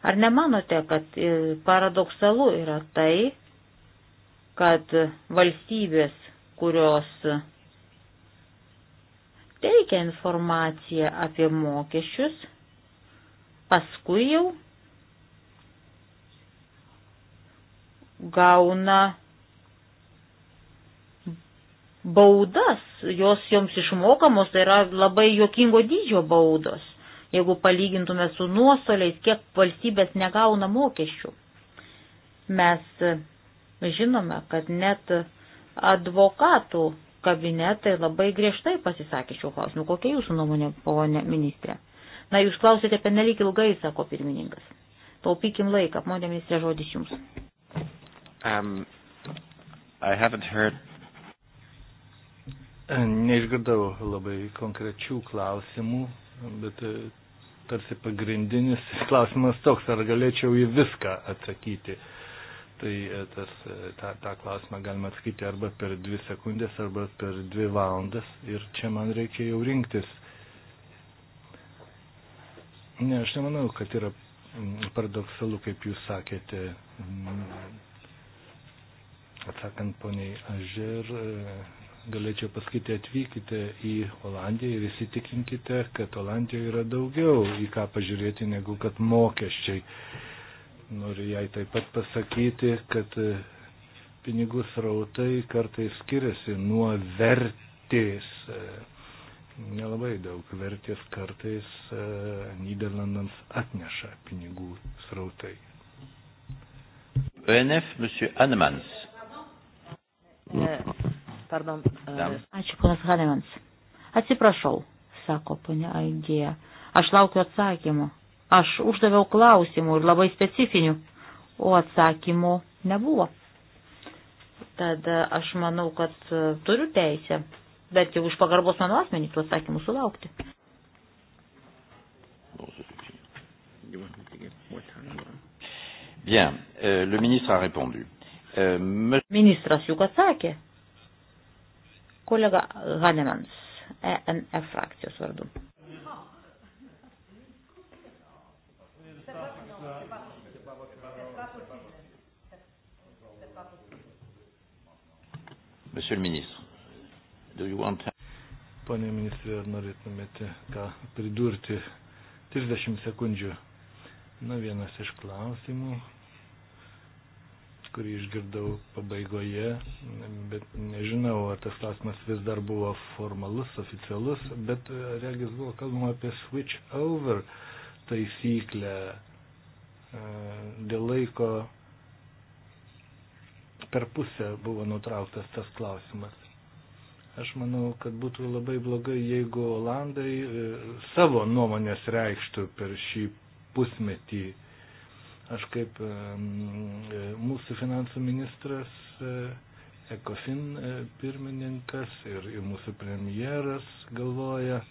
Ar nemanote, kad e, paradoksalu yra tai, kad valstybės, kurios teikia informaciją apie mokesčius, paskui jau gauna baudas, jos joms išmokamos, tai yra labai jokingo dydžio baudos, jeigu palygintume su nuostoliais, kiek valstybės negauna mokesčių. Mes e, žinome, kad net advokatų kabinetai labai griežtai pasisakė šiuo klausimu. Kokia jūsų nuomonė, ponė ministrė? Na, jūs klausėte penelik ilgai, sako pirmininkas. Taupykim laiką, ponė ministrė, žodis jums. Um, I haven't heard Neišgirdau labai konkrečių klausimų, bet e, tarsi pagrindinis klausimas toks, ar galėčiau į viską atsakyti. Tai e, tas, e, tą, tą klausimą galima atsakyti arba per dvi sekundės, arba per dvi valandas ir čia man reikia jau rinktis. Ne, aš nemanau, kad yra paradoksalu, kaip jūs sakėte, atsakant poniai Ažer, galėčiau pasakyti, atvykite į Olandiją ir įsitikinkite, kad Olandijoje yra daugiau į ką pažiūrėti negu kad mokesčiai. Noriu jai taip pat pasakyti, kad e, pinigų srautai kartais skiriasi nuo vertės. E, nelabai daug vertės kartais e, Niderlandams atneša pinigų srautai. ENF, M. Annemans. Pardon. Uh, ačiū, ponas Hanemans. Atsiprašau, sako ponia Aigėja. Aš laukiu atsakymų. Aš uždaviau klausimų ir labai specifinių, o atsakymų nebuvo. Tad e, aš manau, kad e, turiu teisę, bet jau už pagarbos mano asmenį tų atsakymų sulaukti. Bien, euh, le ministre a répondu. Euh, me... Ministras juk atsakė. Kolega Hanemans, ENF frakcijos vardu. Monsieur le ministre, do you want to... Pane ministrė, ar norėtumėte ką pridurti? 30 sekundžių. Na, vienas iš klausimų kurį išgirdau pabaigoje, bet nežinau, ar tas klausimas vis dar buvo formalus, oficialus, bet e, regis buvo kalbama apie switch over taisyklę e, dėl laiko per pusę buvo nutrauktas tas klausimas. Aš manau, kad būtų labai blogai, jeigu Olandai e, savo nuomonės reikštų per šį pusmetį Aš kaip e, mūsų finansų ministras, ECOFIN e, pirmininkas ir, ir mūsų premjeras galvoja,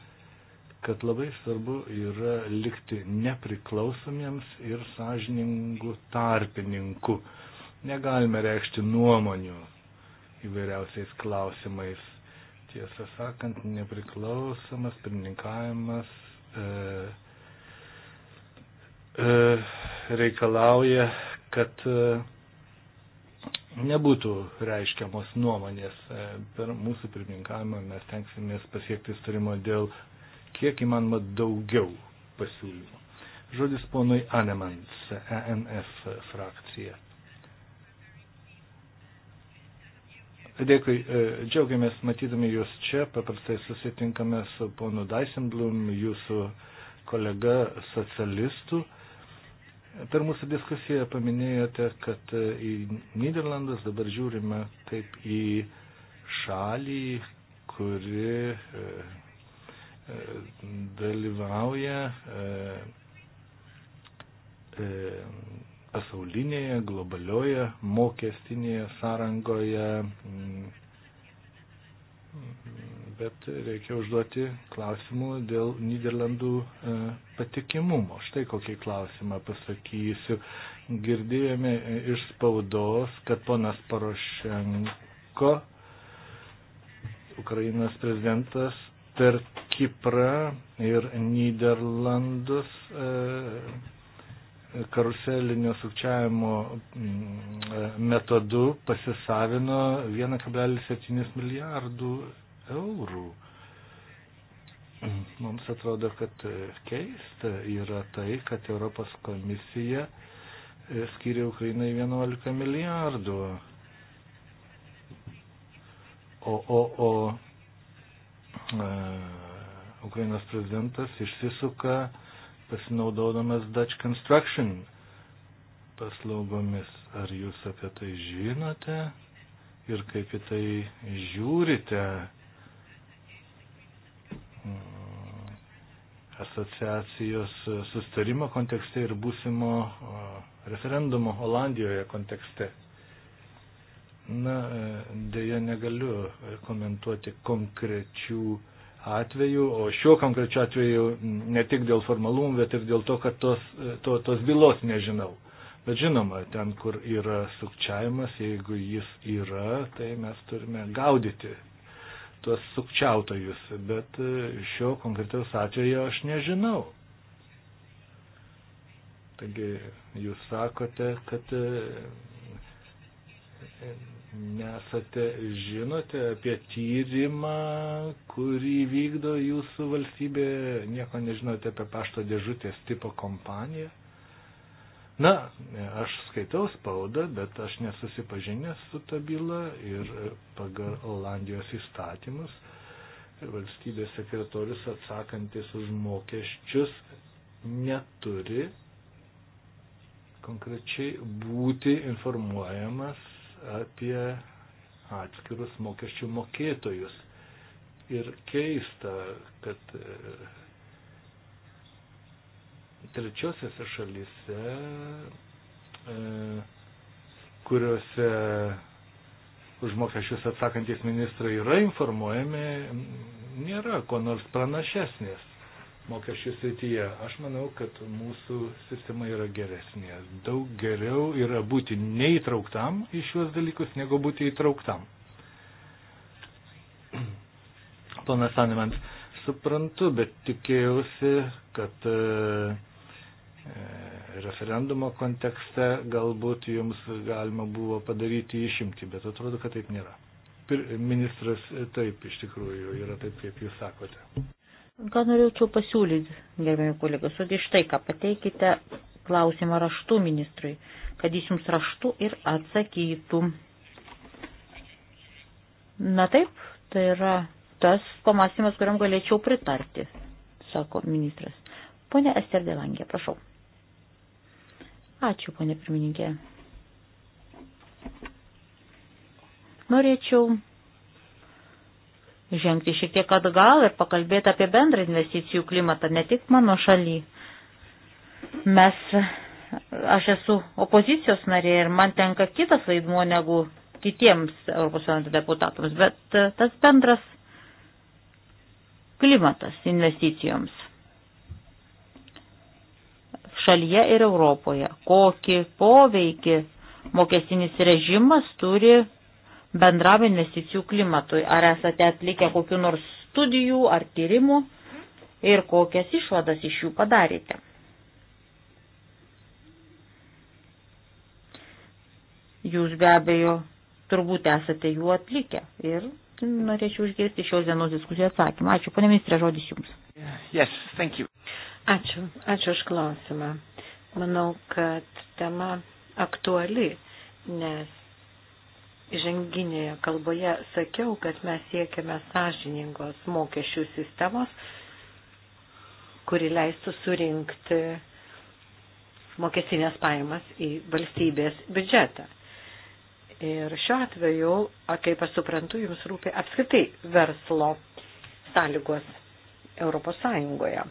kad labai svarbu yra likti nepriklausomiems ir sąžiningų tarpininkų. Negalime reikšti nuomonių įvairiausiais klausimais. Tiesą sakant, nepriklausomas pirmininkavimas e, E, reikalauja, kad e, nebūtų reiškiamos nuomonės. E, per mūsų pirmininkavimą mes tenksimės pasiekti starimo dėl kiek įmanoma daugiau pasiūlymų. Žodis ponui Anemans, ENF frakcija. Dėkui, džiaugiamės matydami jūs čia, paprastai susitinkame su ponu Daisenblum, jūsų kolega socialistų Per mūsų diskusiją paminėjote, kad į Niderlandus dabar žiūrime kaip į šalį, kuri e, e, dalyvauja e, pasaulinėje, globalioje mokestinėje sąrangoje bet reikia užduoti klausimų dėl Niderlandų e, patikimumo. Štai kokį klausimą pasakysiu. Girdėjome e, iš spaudos, kad ponas Porošenko, Ukrainos prezidentas, per Kiprą ir Niderlandus e, karuselinio sukčiavimo mm, metodu pasisavino 1,7 milijardų eurų. Mums atrodo, kad e, keista yra tai, kad Europos komisija e, skiria Ukrainai 11 milijardų. O, o, o e, Ukrainos prezidentas išsisuka pasinaudodamas Dutch Construction paslaugomis. Ar jūs apie tai žinote ir kaip į tai žiūrite? asociacijos sustarimo kontekste ir būsimo referendumo Olandijoje kontekste. Na, e, dėja negaliu komentuoti konkrečių atvejų, o šiuo konkrečiu atveju ne tik dėl formalumų, bet ir dėl to, kad tos, e, to, tos bylos nežinau. Bet žinoma, ten, kur yra sukčiavimas, jeigu jis yra, tai mes turime gaudyti tuos sukčiautojus, bet e, šio konkretaus atvejo aš nežinau. Taigi jūs sakote, kad e, e, nesate žinote apie tyrimą, kurį vykdo jūsų valstybė, nieko nežinote apie pašto dėžutės tipo kompaniją. Na, aš skaitau spaudą, bet aš nesusipažinęs su ta byla ir pagal Olandijos įstatymus valstybės sekretorius atsakantis už mokesčius neturi konkrečiai būti informuojamas apie atskirus mokesčių mokėtojus. Ir keista, kad trečiosiose šalise, e, kuriuose už mokesčius atsakantis ministrai yra informuojami, nėra ko nors pranašesnės mokesčių srityje. Aš manau, kad mūsų sistema yra geresnė. Daug geriau yra būti neįtrauktam į šiuos dalykus, negu būti įtrauktam. Ponas Animant, suprantu, bet tikėjausi, kad e, E, referendumo kontekste galbūt jums galima buvo padaryti išimti, bet atrodo, kad taip nėra. Ministras e, taip iš tikrųjų yra taip, kaip jūs sakote. Ką norėčiau pasiūlyti, gerbėjai kolegos, sudė štai ką pateikite klausimą raštu ministrui, kad jis jums raštu ir atsakytų. Na taip, tai yra tas pamastymas, kuriam galėčiau pritarti, sako ministras. Pone Ester Delangė, prašau. Ačiū, ponė pirmininkė. Norėčiau žengti šiek tiek atgal ir pakalbėti apie bendrą investicijų klimatą, ne tik mano šaly. Mes, aš esu opozicijos narė ir man tenka kitas vaidmuo negu kitiems ES deputatams, bet tas bendras klimatas investicijoms šalyje ir Europoje, kokį poveikį mokestinis režimas turi bendram investicijų klimatui. Ar esate atlikę kokiu nors studijų ar tyrimų ir kokias išvadas iš jų padarėte? Jūs be abejo turbūt esate jų atlikę ir norėčiau išgirsti šios dienos diskusijos atsakymą. Ačiū, ponė ministrė, žodis jums. Yes, thank you. Ačiū, ačiū už klausimą. Manau, kad tema aktuali, nes žanginėje kalboje sakiau, kad mes siekiame sąžiningos mokesčių sistemos, kuri leistų surinkti mokestinės pajamas į valstybės biudžetą. Ir šiuo atveju, kaip aš suprantu, jums rūpi apskritai verslo sąlygos Europos Sąjungoje.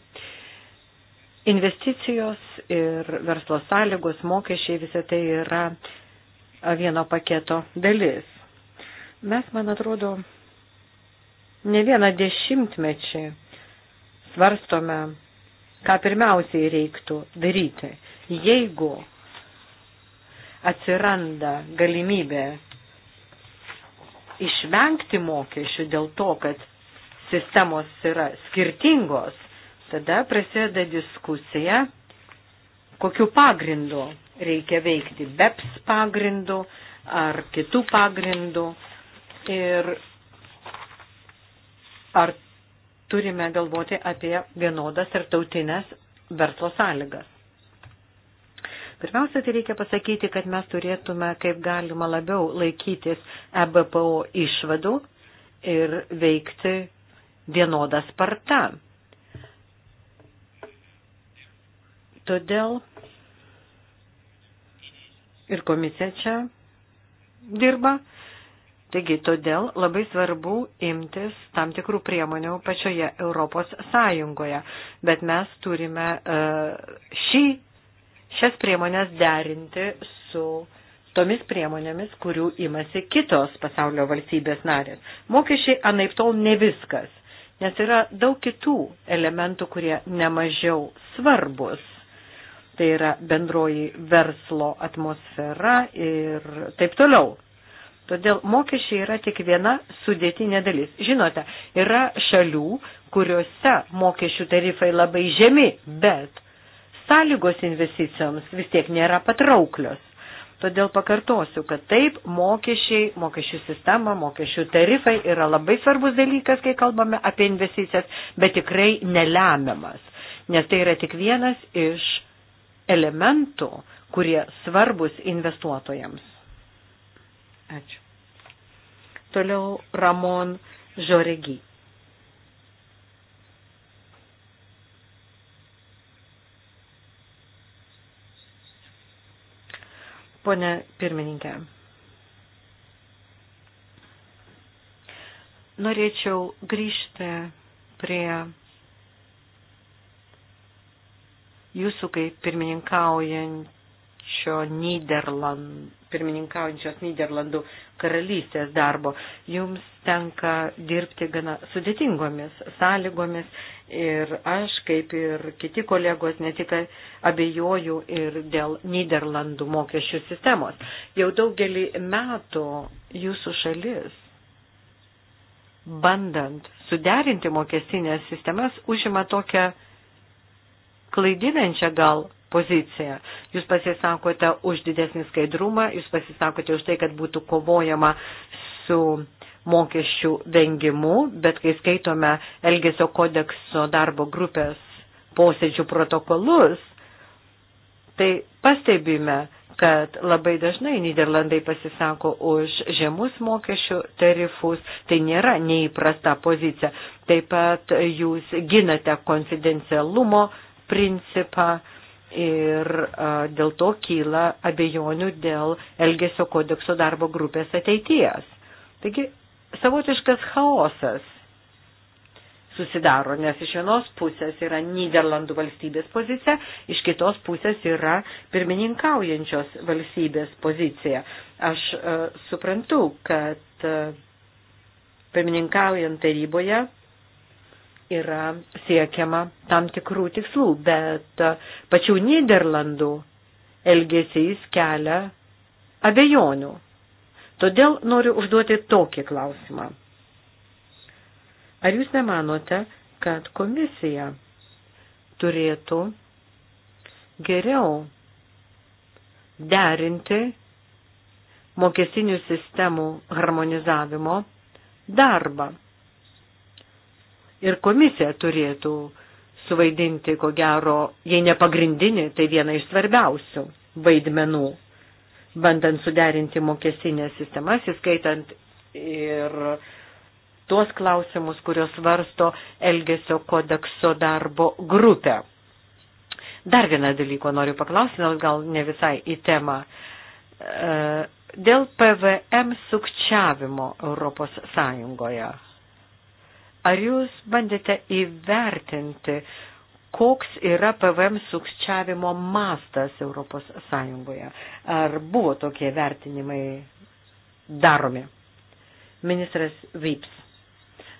Investicijos ir verslo sąlygos, mokesčiai, visa tai yra vieno paketo dalis. Mes, man atrodo, ne vieną dešimtmečią svarstome, ką pirmiausiai reiktų daryti, jeigu atsiranda galimybė išvengti mokesčių dėl to, kad sistemos yra skirtingos, Tada prasideda diskusija, kokiu pagrindu reikia veikti, BEPS pagrindu ar kitų pagrindų ir ar turime galvoti apie vienodas ir tautinės verslo sąlygas. Pirmiausia, tai reikia pasakyti, kad mes turėtume kaip galima labiau laikytis EBPO išvadų ir veikti vienodą spartą. Todėl ir komisija čia dirba. Taigi, todėl labai svarbu imtis tam tikrų priemonių pačioje Europos Sąjungoje. Bet mes turime e, šį, šias priemonės derinti su tomis priemonėmis, kurių imasi kitos pasaulio valstybės narės. Mokesčiai anaip tol ne viskas, nes yra daug kitų elementų, kurie nemažiau svarbus tai yra bendroji verslo atmosfera ir taip toliau. Todėl mokesčiai yra tik viena sudėtinė dalis. Žinote, yra šalių, kuriuose mokesčių tarifai labai žemi, bet sąlygos investicijoms vis tiek nėra patrauklios. Todėl pakartosiu, kad taip mokesčiai, mokesčių sistema, mokesčių tarifai yra labai svarbus dalykas, kai kalbame apie investicijas, bet tikrai nelemiamas, nes tai yra tik vienas iš elementų, kurie svarbus investuotojams. Ačiū. Toliau Ramon Žoregi. Pone pirmininkė, norėčiau grįžti prie Jūsų kaip pirmininkaujančio Niderland, pirmininkaujančios Niderlandų karalystės darbo, jums tenka dirbti gana sudėtingomis sąlygomis ir aš, kaip ir kiti kolegos, ne tik abejoju ir dėl Niderlandų mokesčių sistemos. Jau daugelį metų jūsų šalis, bandant suderinti mokestinės sistemas, užima tokią klaidinančią gal poziciją. Jūs pasisakote už didesnį skaidrumą, jūs pasisakote už tai, kad būtų kovojama su mokesčių vengimu, bet kai skaitome Elgesio kodekso darbo grupės posėdžių protokolus, tai pastebime, kad labai dažnai Niderlandai pasisako už žemus mokesčių tarifus, tai nėra neįprasta pozicija. Taip pat jūs ginate konfidencialumo principą ir dėl to kyla abejonių dėl Elgesio kodekso darbo grupės ateities. Taigi savotiškas chaosas susidaro, nes iš vienos pusės yra Niderlandų valstybės pozicija, iš kitos pusės yra pirmininkaujančios valstybės pozicija. Aš uh, suprantu, kad uh, pirmininkaujant taryboje yra siekiama tam tikrų tikslų, bet pačių Niderlandų elgesys kelia abejonių. Todėl noriu užduoti tokį klausimą. Ar jūs nemanote, kad komisija turėtų geriau derinti mokestinių sistemų harmonizavimo darbą? ir komisija turėtų suvaidinti, ko gero, jei ne pagrindinį, tai vieną iš svarbiausių vaidmenų, bandant suderinti mokestinės sistemas, įskaitant ir tuos klausimus, kurios svarsto Elgesio kodekso darbo grupę. Dar vieną dalyką noriu paklausti, nors gal ne visai į temą. E, dėl PVM sukčiavimo Europos Sąjungoje Ar jūs bandėte įvertinti, koks yra PVM sukčiavimo mastas Europos Sąjungoje? Ar buvo tokie vertinimai daromi? Ministras Vyps.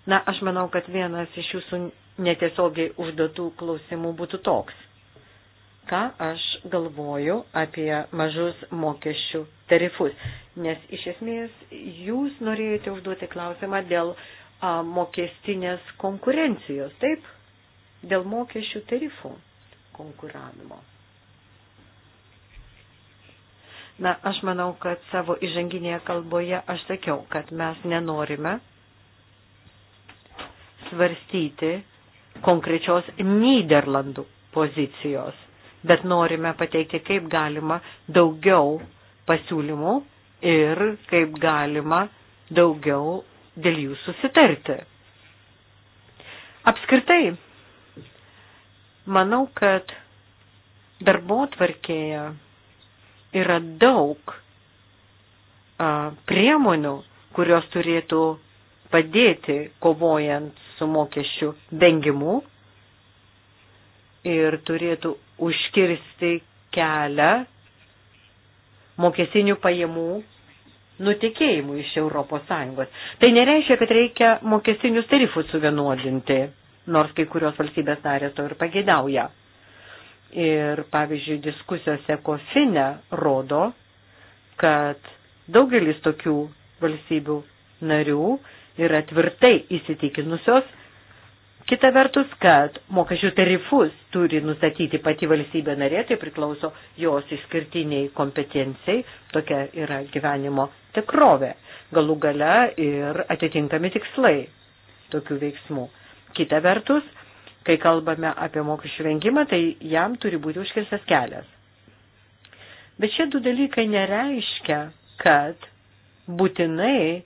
Na, aš manau, kad vienas iš jūsų netiesiogiai užduotų klausimų būtų toks ką aš galvoju apie mažus mokesčių tarifus. Nes iš esmės jūs norėjote užduoti klausimą dėl a, mokestinės konkurencijos, taip, dėl mokesčių tarifų konkuravimo. Na, aš manau, kad savo įžanginėje kalboje aš sakiau, kad mes nenorime svarstyti konkrečios Niderlandų pozicijos, bet norime pateikti kaip galima daugiau pasiūlymų ir kaip galima daugiau dėl jų susitarti. Apskritai, manau, kad darbo tvarkėje yra daug a, priemonių, kurios turėtų padėti kovojant su mokesčių vengimu ir turėtų užkirsti kelią mokesinių pajamų nutikėjimų iš ES. Tai nereiškia, kad reikia mokestinius tarifus suvienodinti, nors kai kurios valstybės narės to ir pagėdauja. Ir, pavyzdžiui, diskusijose kofinė rodo, kad daugelis tokių valstybių narių yra tvirtai įsitikinusios, Kita vertus, kad mokesčių tarifus turi nustatyti pati valstybė narė, tai priklauso jos išskirtiniai kompetencijai, tokia yra gyvenimo tikrovė, galų gale ir atitinkami tikslai tokių veiksmų. Kita vertus, kai kalbame apie mokesčių vengimą, tai jam turi būti užkirstas kelias. Bet šie du dalykai nereiškia, kad būtinai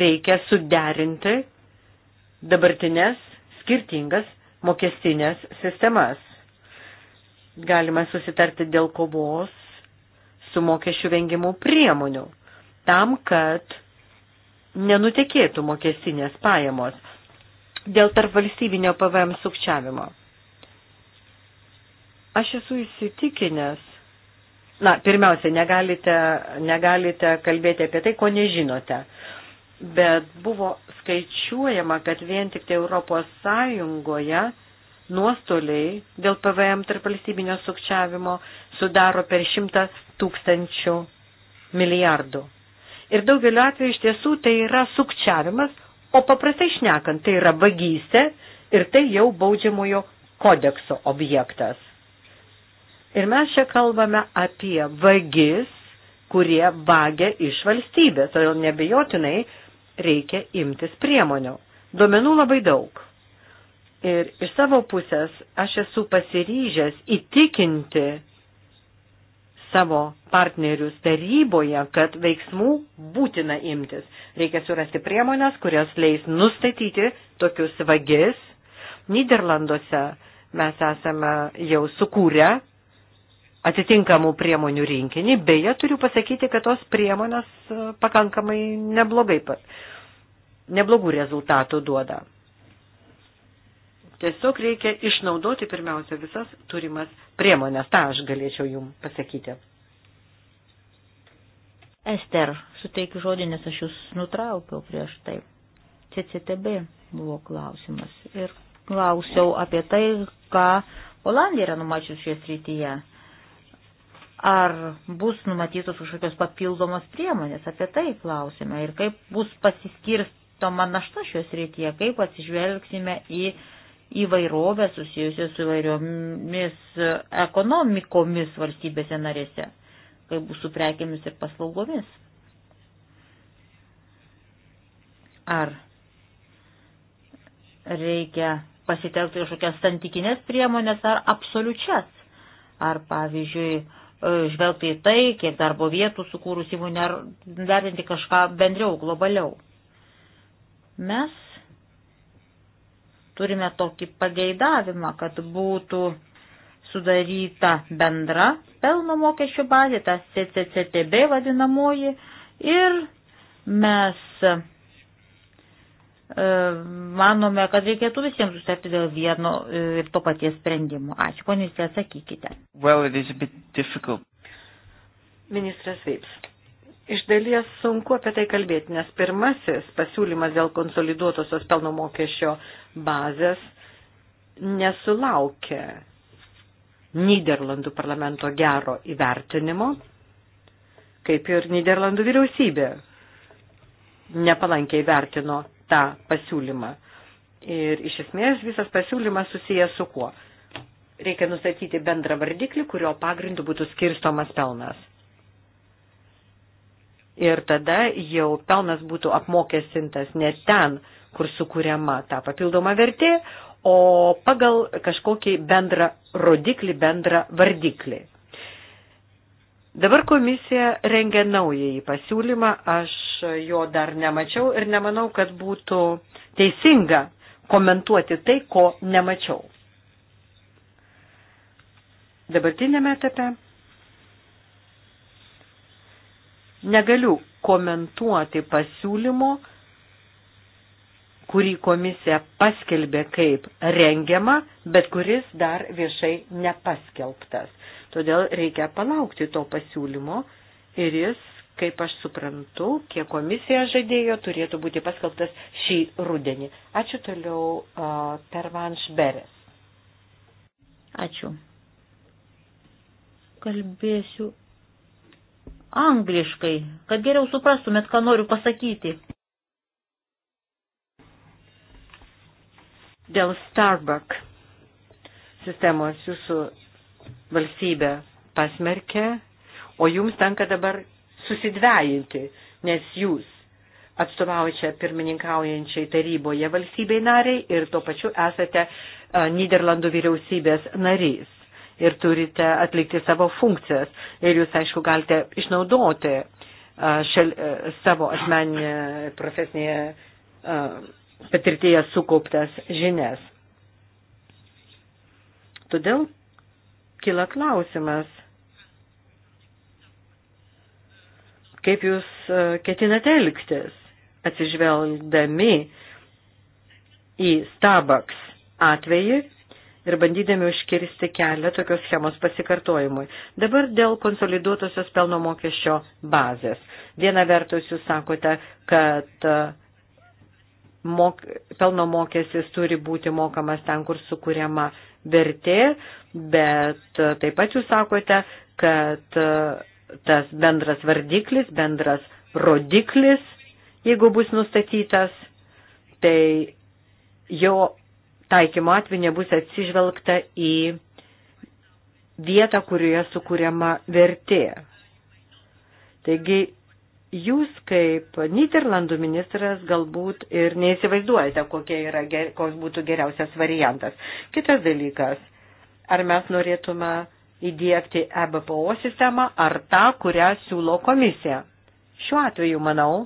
reikia suderinti dabartinės skirtingas mokestinės sistemas. Galima susitarti dėl kovos su mokesčių vengimu priemonių, tam, kad nenutekėtų mokestinės pajamos dėl tarpvalstybinio PVM sukčiavimo. Aš esu įsitikinęs, na, pirmiausia, negalite, negalite kalbėti apie tai, ko nežinote bet buvo skaičiuojama, kad vien tik tai Europos Sąjungoje nuostoliai dėl PVM tarp valstybinio sukčiavimo sudaro per šimtą tūkstančių milijardų. Ir daugeliu atveju iš tiesų tai yra sukčiavimas, o paprastai šnekant tai yra vagystė ir tai jau baudžiamojo kodekso objektas. Ir mes čia kalbame apie vagis, kurie vagia iš valstybės, todėl nebejotinai reikia imtis priemonių. Duomenų labai daug. Ir iš savo pusės aš esu pasiryžęs įtikinti savo partnerius taryboje, kad veiksmų būtina imtis. Reikia surasti priemonės, kurios leis nustatyti tokius vagis. Niderlanduose mes esame jau sukūrę atitinkamų priemonių rinkinį. Beje, turiu pasakyti, kad tos priemonės e, pakankamai neblogai, neblogų rezultatų duoda. Tiesiog reikia išnaudoti pirmiausia visas turimas priemonės. Ta aš galėčiau jum pasakyti. Ester, suteikiu žodį, nes aš jūs nutraukiau prieš tai. CCTB buvo klausimas ir klausiau apie tai, ką Olandija yra numačiusi šioje srityje. Ar bus numatytos kažkokios papildomos priemonės, apie tai klausime. Ir kaip bus pasiskirstoma našta šios rytyje, kaip atsižvelgsime į įvairovę susijusią su įvairiomis e, ekonomikomis valstybėse narėse, kaip bus su prekiamis ir paslaugomis. Ar reikia pasitelkti kažkokias santykinės priemonės ar absoliučias, ar pavyzdžiui, žvelgti į tai, kiek darbo vietų sukūrus įmonė, ar vertinti kažką bendriau, globaliau. Mes turime tokį pageidavimą, kad būtų sudaryta bendra pelno mokesčių bazė, ta CCCTB vadinamoji, ir mes E, manome, kad reikėtų visiems susitarti dėl vieno e, ir to paties sprendimo. Ačiū, ponysė, atsakykite. Well, Ministras Veips. Iš dalies sunku apie tai kalbėti, nes pirmasis pasiūlymas dėl konsoliduotosios pelno mokesčio bazės nesulaukė Niderlandų parlamento gero įvertinimo, kaip ir Niderlandų vyriausybė nepalankiai vertino tą pasiūlymą. Ir iš esmės visas pasiūlymas susijęs su kuo? Reikia nustatyti bendrą vardiklį, kurio pagrindu būtų skirstomas pelnas. Ir tada jau pelnas būtų apmokestintas ne ten, kur sukūriama ta papildoma vertė, o pagal kažkokį bendrą rodiklį, bendrą vardiklį. Dabar komisija rengia naująjį pasiūlymą, aš jo dar nemačiau ir nemanau, kad būtų teisinga komentuoti tai, ko nemačiau. Dabartinėme etape negaliu komentuoti pasiūlymo, kurį komisija paskelbė kaip rengiama, bet kuris dar viešai nepaskelbtas. Todėl reikia palaukti to pasiūlymo ir jis kaip aš suprantu, kiek komisija žadėjo, turėtų būti paskelbtas šį rudenį. Ačiū toliau uh, Pervanš Beres. Ačiū. Kalbėsiu angliškai, kad geriau suprastumėt, ką noriu pasakyti. Dėl Starbucks sistemos jūsų valstybė pasmerkė, o jums tenka dabar susidvejinti, nes jūs atstovauja pirmininkaujančiai taryboje valstybei nariai ir tuo pačiu esate Niderlandų vyriausybės narys ir turite atlikti savo funkcijas. Ir jūs, aišku, galite išnaudoti šel, savo asmeninę profesinėje patirtyje sukauptas žinias. Todėl kila klausimas, kaip jūs e, ketinate elgtis, atsižvelgdami į Starbucks atvejį ir bandydami užkirsti kelią tokios schemos pasikartojimui. Dabar dėl konsoliduotosios pelno mokesčio bazės. Viena vertus jūs sakote, kad e, mok, pelno mokestis turi būti mokamas ten, kur sukūriama vertė, bet e, taip pat jūs sakote, kad tas bendras vardiklis, bendras rodiklis, jeigu bus nustatytas, tai jo taikymo atveju nebus atsižvelgta į vietą, kurioje sukūriama vertė. Taigi, jūs kaip Niderlandų ministras galbūt ir neįsivaizduojate, yra, koks būtų geriausias variantas. Kitas dalykas, ar mes norėtume įdėkti EBPO sistemą ar tą, kurią siūlo komisija. Šiuo atveju, manau,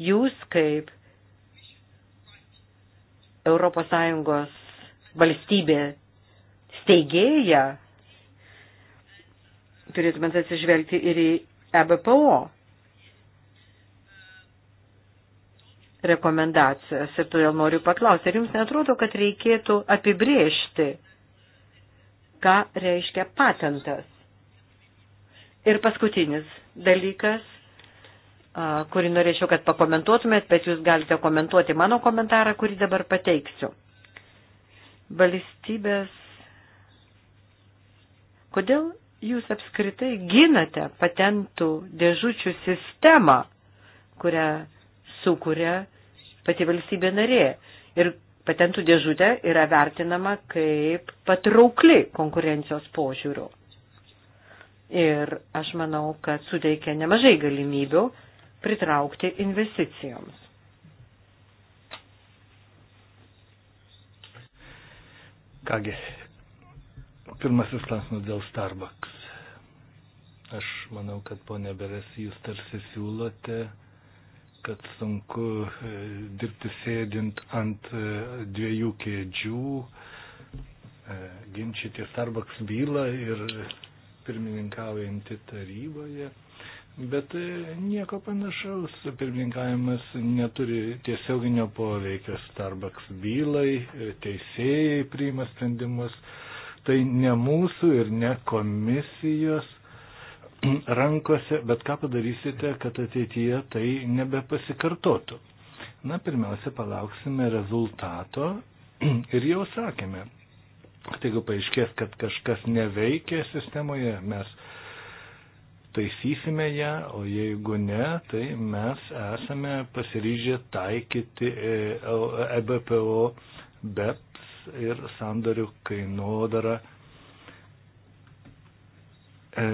jūs kaip ES valstybė steigėja turėtumėt atsižvelgti ir į EBPO rekomendacijas. Ir todėl noriu paklausti, ar jums netrodo, kad reikėtų apibriežti ką reiškia patentas. Ir paskutinis dalykas, kurį norėčiau, kad pakomentuotumėt, bet jūs galite komentuoti mano komentarą, kurį dabar pateiksiu. Valstybės. Kodėl jūs apskritai ginate patentų dėžučių sistemą, kurią sukuria pati valstybė narė? Ir patentų dėžutė yra vertinama kaip patraukli konkurencijos požiūrių. Ir aš manau, kad suteikia nemažai galimybių pritraukti investicijoms. Kągi, pirmasis klausimas dėl Starbucks. Aš manau, kad ponė Beres, jūs tarsi siūlote kad sunku e, dirbti sėdint ant e, dviejų kėdžių, e, ginčyti Starbucks bylą ir pirmininkaujantį taryboje. Bet nieko panašaus, pirmininkavimas neturi tiesioginio poveikio Starbucks bylai, teisėjai priima sprendimus, tai ne mūsų ir ne komisijos rankose, bet ką padarysite, kad ateityje tai nebepasikartotų. Na, pirmiausia, palauksime rezultato ir jau sakėme, kad jeigu paaiškės, kad kažkas neveikia sistemoje, mes taisysime ją, o jeigu ne, tai mes esame pasiryžę taikyti EBPO, e BEPS ir sandarių kainodarą. E,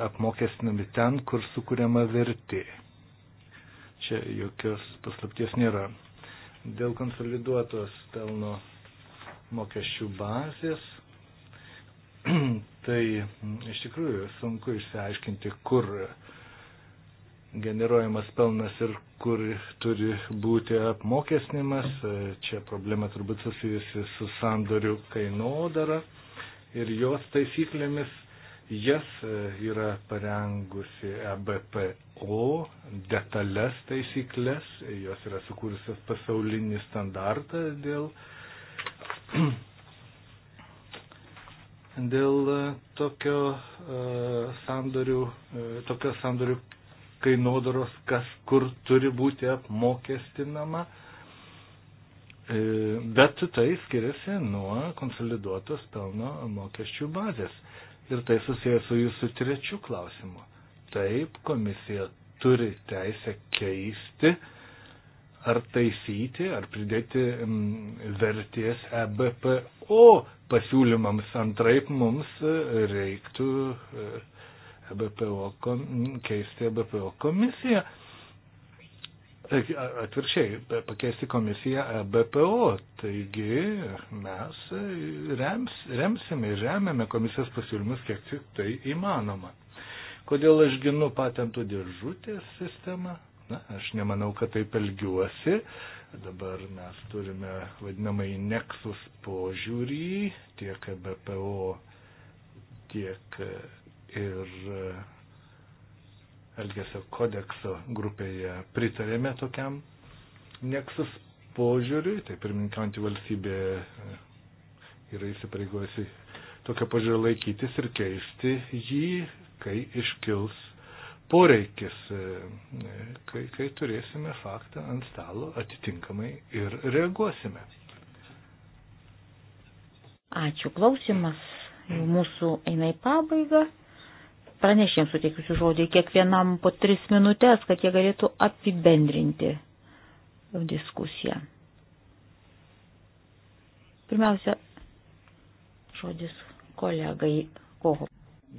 apmokestinami ten, kur sukūriama vertė. Čia jokios paslapties nėra. Dėl konsoliduotos pelno mokesčių bazės, tai iš tikrųjų sunku išsiaiškinti, kur generuojamas pelnas ir kur turi būti apmokesnimas. Čia problema turbūt susijusi su sandorių kainodara ir jos taisyklėmis Jas e, yra parengusi EBPO detalės taisyklės, jos yra sukūrusios pasaulinį standartą dėl, dėl e, tokio, e, sandorių, tokio sandorių kainodaros, kas kur turi būti apmokestinama. Bet tai skiriasi nuo konsoliduotos pelno mokesčių bazės. Ir tai susijęs su jūsų trečiu klausimu. Taip, komisija turi teisę keisti ar taisyti, ar pridėti mm, vertės EBPO pasiūlymams. Antraip mums e, reiktų EBPO, e keisti EBPO komisiją atvirkščiai, pakeisti komisiją e, BPO. Taigi mes e, rems, remsime ir remiame komisijos pasiūlymus, kiek tik tai įmanoma. Kodėl aš ginu patentų dėžutės sistemą? Na, aš nemanau, kad taip elgiuosi. Dabar mes turime vadinamai neksus požiūrį tiek e, BPO, tiek ir Elgesio kodekso grupėje pritarėme tokiam neksus požiūriui, tai pirmininkaujantį valstybė e, yra įsipareigojusi tokio požiūrio laikytis ir keisti jį, kai iškils poreikis, e, e, kai, kai turėsime faktą ant stalo atitinkamai ir reaguosime. Ačiū klausimas. Mūsų eina į pabaigą pranešėms suteiksiu žodį kiekvienam po tris minutės, kad jie galėtų apibendrinti diskusiją. Pirmiausia, žodis kolegai Koho.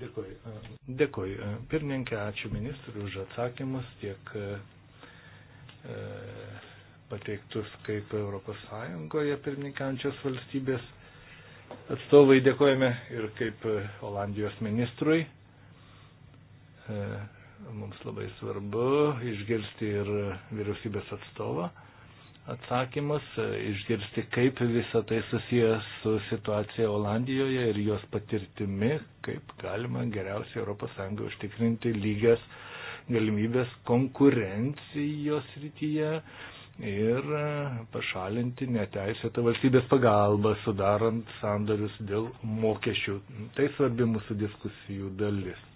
Dėkui. E, dėkui. E, pirmininkė, ačiū ministrui už atsakymus tiek e, pateiktus kaip ES pirmininkančios valstybės atstovai dėkojame ir kaip Olandijos ministrui. E, mums labai svarbu išgirsti ir vyriausybės atstovą atsakymus, e, išgirsti, kaip visa tai susijęs su situacija Olandijoje ir jos patirtimi, kaip galima geriausiai ES užtikrinti lygias galimybės konkurencijos rytyje ir e, pašalinti neteisėtą valstybės pagalbą, sudarant sandorius dėl mokesčių. Tai svarbi mūsų diskusijų dalis.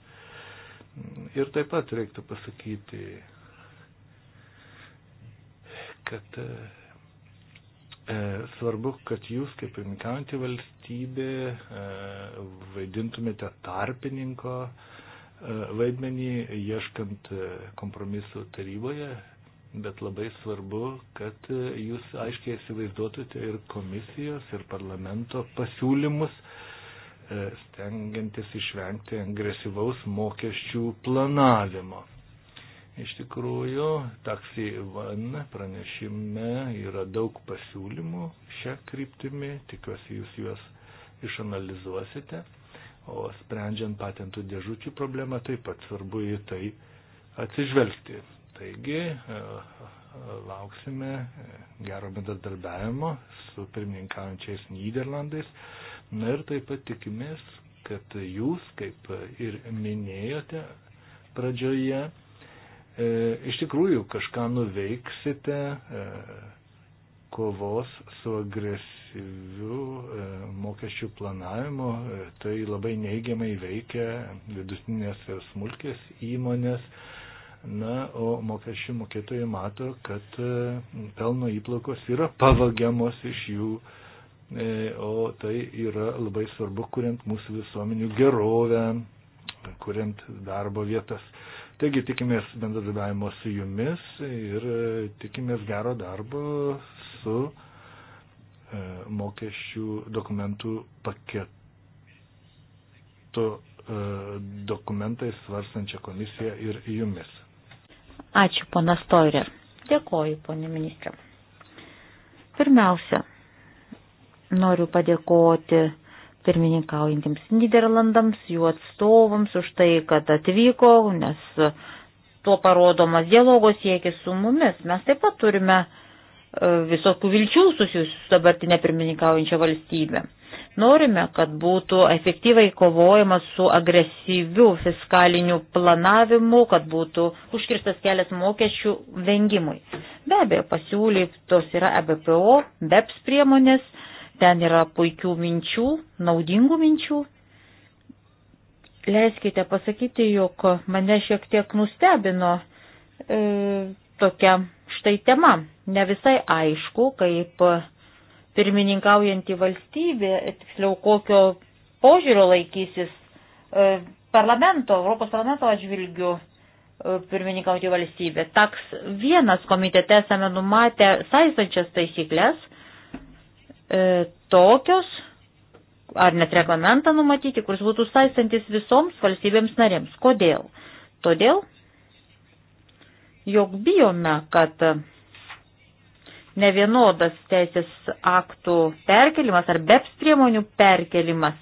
Ir taip pat reiktų pasakyti, kad e, e svarbu, kad jūs kaip pirmininkaujantį valstybė e, vaidintumėte tarpininko e, vaidmenį, ieškant e, kompromisų taryboje, bet labai svarbu, kad e, jūs aiškiai įsivaizduotumėte ir komisijos, ir parlamento pasiūlymus E, stengiantis išvengti agresyvaus mokesčių planavimo. Iš tikrųjų, taksi van pranešime yra daug pasiūlymų šią kryptimį, tikiuosi jūs juos išanalizuosite, o sprendžiant patentų dėžučių problemą taip pat svarbu į tai atsižvelgti. Taigi, e, lauksime e, gero bendradarbiavimo su pirmininkaujančiais Niderlandais Na ir taip pat tikimės, kad jūs, kaip ir minėjote pradžioje, e, iš tikrųjų kažką nuveiksite e, kovos su agresyviu e, mokesčių planavimu. E, tai labai neigiamai veikia vidutinės ir smulkės įmonės. Na, o mokesčių mokėtojai mato, kad e, pelno įplaukos yra pavagiamos iš jų e, E, o tai yra labai svarbu, kuriant mūsų visuomenių gerovę, kuriant darbo vietas. Taigi tikimės bendradarbiavimo su jumis ir e, tikimės gero darbo su e, mokesčių dokumentų paketu dokumentais svarstančią komisiją ir jumis. Ačiū, ponas Toirė. Dėkoju, ponė ministrė. Pirmiausia, Noriu padėkoti pirmininkaujantiems Niderlandams, jų atstovams už tai, kad atvyko, nes tuo parodomas dialogo siekis su mumis. Mes taip pat turime e, visokių vilčių susijusių su dabartinė pirmininkaujančia valstybė. Norime, kad būtų efektyvai kovojama su agresyviu fiskaliniu planavimu, kad būtų užkirstas kelias mokesčių vengimui. Be abejo, pasiūlytos yra EBPO, BEPS priemonės, Ten yra puikių minčių, naudingų minčių. Leiskite pasakyti, jog mane šiek tiek nustebino e, tokia štai tema. Ne visai aišku, kaip pirmininkaujantį valstybę, tiksliau kokio požiūrio laikysis e, parlamento, Europos parlamento atžvilgių e, pirmininkauti valstybė. Taks vienas komitete esame numatę saistančias taisyklės, e, tokios, ar net reglamentą numatyti, kuris būtų saistantis visoms valstybėms narėms. Kodėl? Todėl, jog bijome, kad ne vienodas teisės aktų perkelimas ar BEPS priemonių perkelimas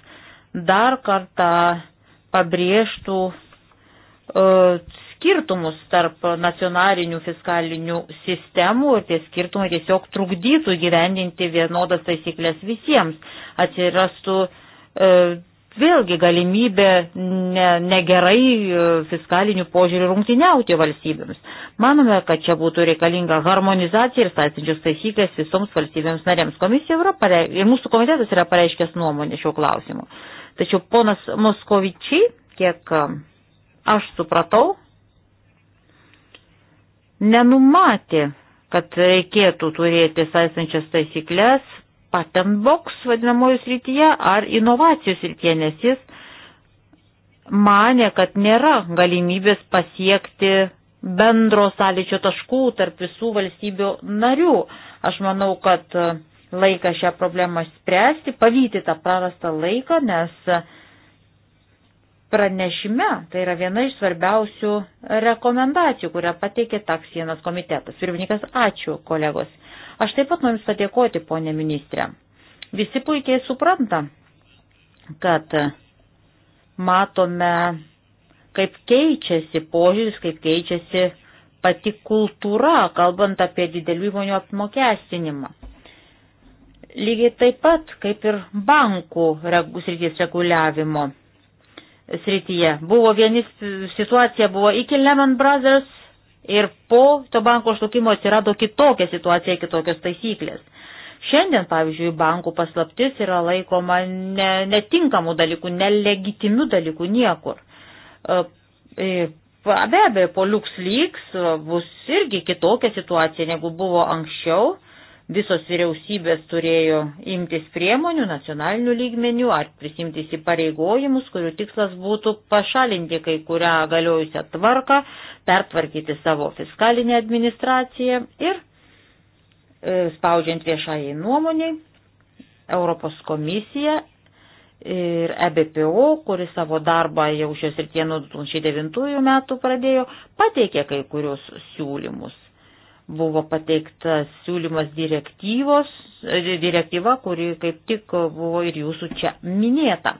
dar kartą pabrėžtų e, skirtumus tarp nacionalinių fiskalinių sistemų ir tie skirtumai tiesiog trukdytų gyvendinti vienodas taisyklės visiems. Atsirastų e, vėlgi galimybė ne, negerai e, fiskalinių požiūrių rungtyniauti valstybėms. Manome, kad čia būtų reikalinga harmonizacija ir statinčios taisyklės visoms valstybėms narėms. Komisija yra parei, ir mūsų komitetas yra pareiškęs nuomonę šiuo klausimu. Tačiau ponas Moskovičiai, kiek e, aš supratau, nenumatė, kad reikėtų turėti saisančias taisyklės patent box vadinamojų srityje ar inovacijų srityje, nes jis mane, kad nėra galimybės pasiekti bendro sąlyčio taškų tarp visų valstybių narių. Aš manau, kad laiką šią problemą spręsti, pavyti tą prarastą laiką, nes Pranešime tai yra viena iš svarbiausių rekomendacijų, kurią pateikė taksienos komitetas. Pirmininkas, ačiū, kolegos. Aš taip pat noriu Jums padėkoti, ponė ministrė. Visi puikiai supranta, kad matome, kaip keičiasi požiūris, kaip keičiasi pati kultūra, kalbant apie didelių įmonių apmokestinimą. Lygiai taip pat kaip ir bankų srities reguliavimo srityje. Buvo vieni, situacija buvo iki Lehman Brothers ir po to banko šlukimo atsirado kitokia situacija, kitokios taisyklės. Šiandien, pavyzdžiui, bankų paslaptis yra laikoma ne, netinkamų dalykų, nelegitimių dalykų niekur. E, e, be abejo, po LuxLeaks e, bus irgi kitokia situacija, negu buvo anksčiau visos vyriausybės turėjo imtis priemonių nacionalinių lygmenių ar prisimti įsipareigojimus, kurių tikslas būtų pašalinti kai kurią galiojusią tvarką, pertvarkyti savo fiskalinę administraciją ir e, spaudžiant viešai nuomoniai, Europos komisija ir EBPO, kuris savo darbą jau šios ir tie nuo 2009 metų pradėjo, pateikė kai kurios siūlymus buvo pateiktas siūlymas direktyvos, direktyva, kuri kaip tik buvo ir jūsų čia minėta.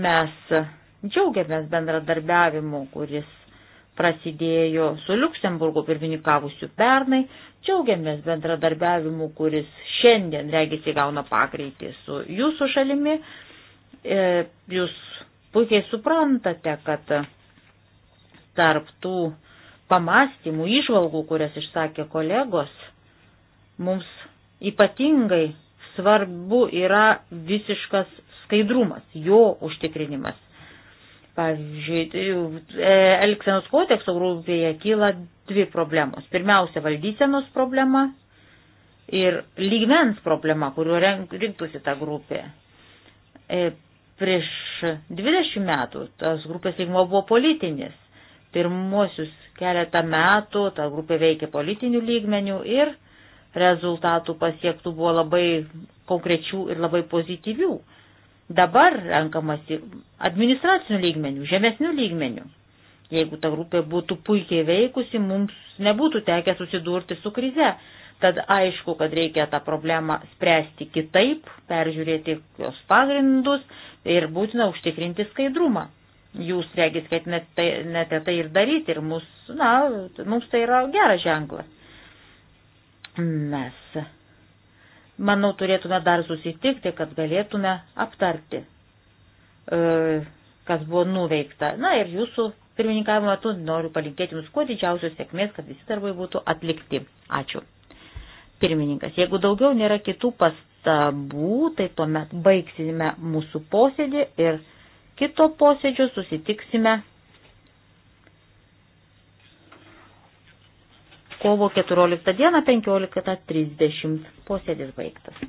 Mes džiaugiamės bendradarbiavimu, kuris prasidėjo su Luksemburgu pirmininkavusiu pernai, džiaugiamės bendradarbiavimu, kuris šiandien regis įgauna pagreitį su jūsų šalimi. E, jūs puikiai suprantate, kad tarp tų pamastymų, išvalgų, kurias išsakė kolegos, mums ypatingai svarbu yra visiškas skaidrumas, jo užtikrinimas. Pavyzdžiui, tai e, Elksenos kodekso grupėje kyla dvi problemos. Pirmiausia, valdysenos problema ir lygmens problema, kuriuo rinktųsi ta grupė. E, prieš 20 metų tas grupės lygmo buvo politinis. Pirmosius keletą metų, ta grupė veikė politinių lygmenių ir rezultatų pasiektų buvo labai konkrečių ir labai pozityvių. Dabar renkamasi administracinių lygmenių, žemesnių lygmenių. Jeigu ta grupė būtų puikiai veikusi, mums nebūtų tekę susidurti su krize. Tad aišku, kad reikia tą problemą spręsti kitaip, peržiūrėti jos pagrindus ir būtina užtikrinti skaidrumą. Jūs, regis, ketinate tai, net tai ir daryti ir mus, na, mums tai yra geras ženklas. Mes, manau, turėtume dar susitikti, kad galėtume aptarti, e, kas buvo nuveikta. Na ir jūsų pirmininkavimo metu noriu palinkėti jums kuo didžiausios sėkmės, kad visi darbai būtų atlikti. Ačiū. Pirmininkas, jeigu daugiau nėra kitų pastabų, tai tuomet baigsime mūsų posėdį ir kito posėdžio susitiksime kovo 14 dieną 15.30. Posėdis baigtas.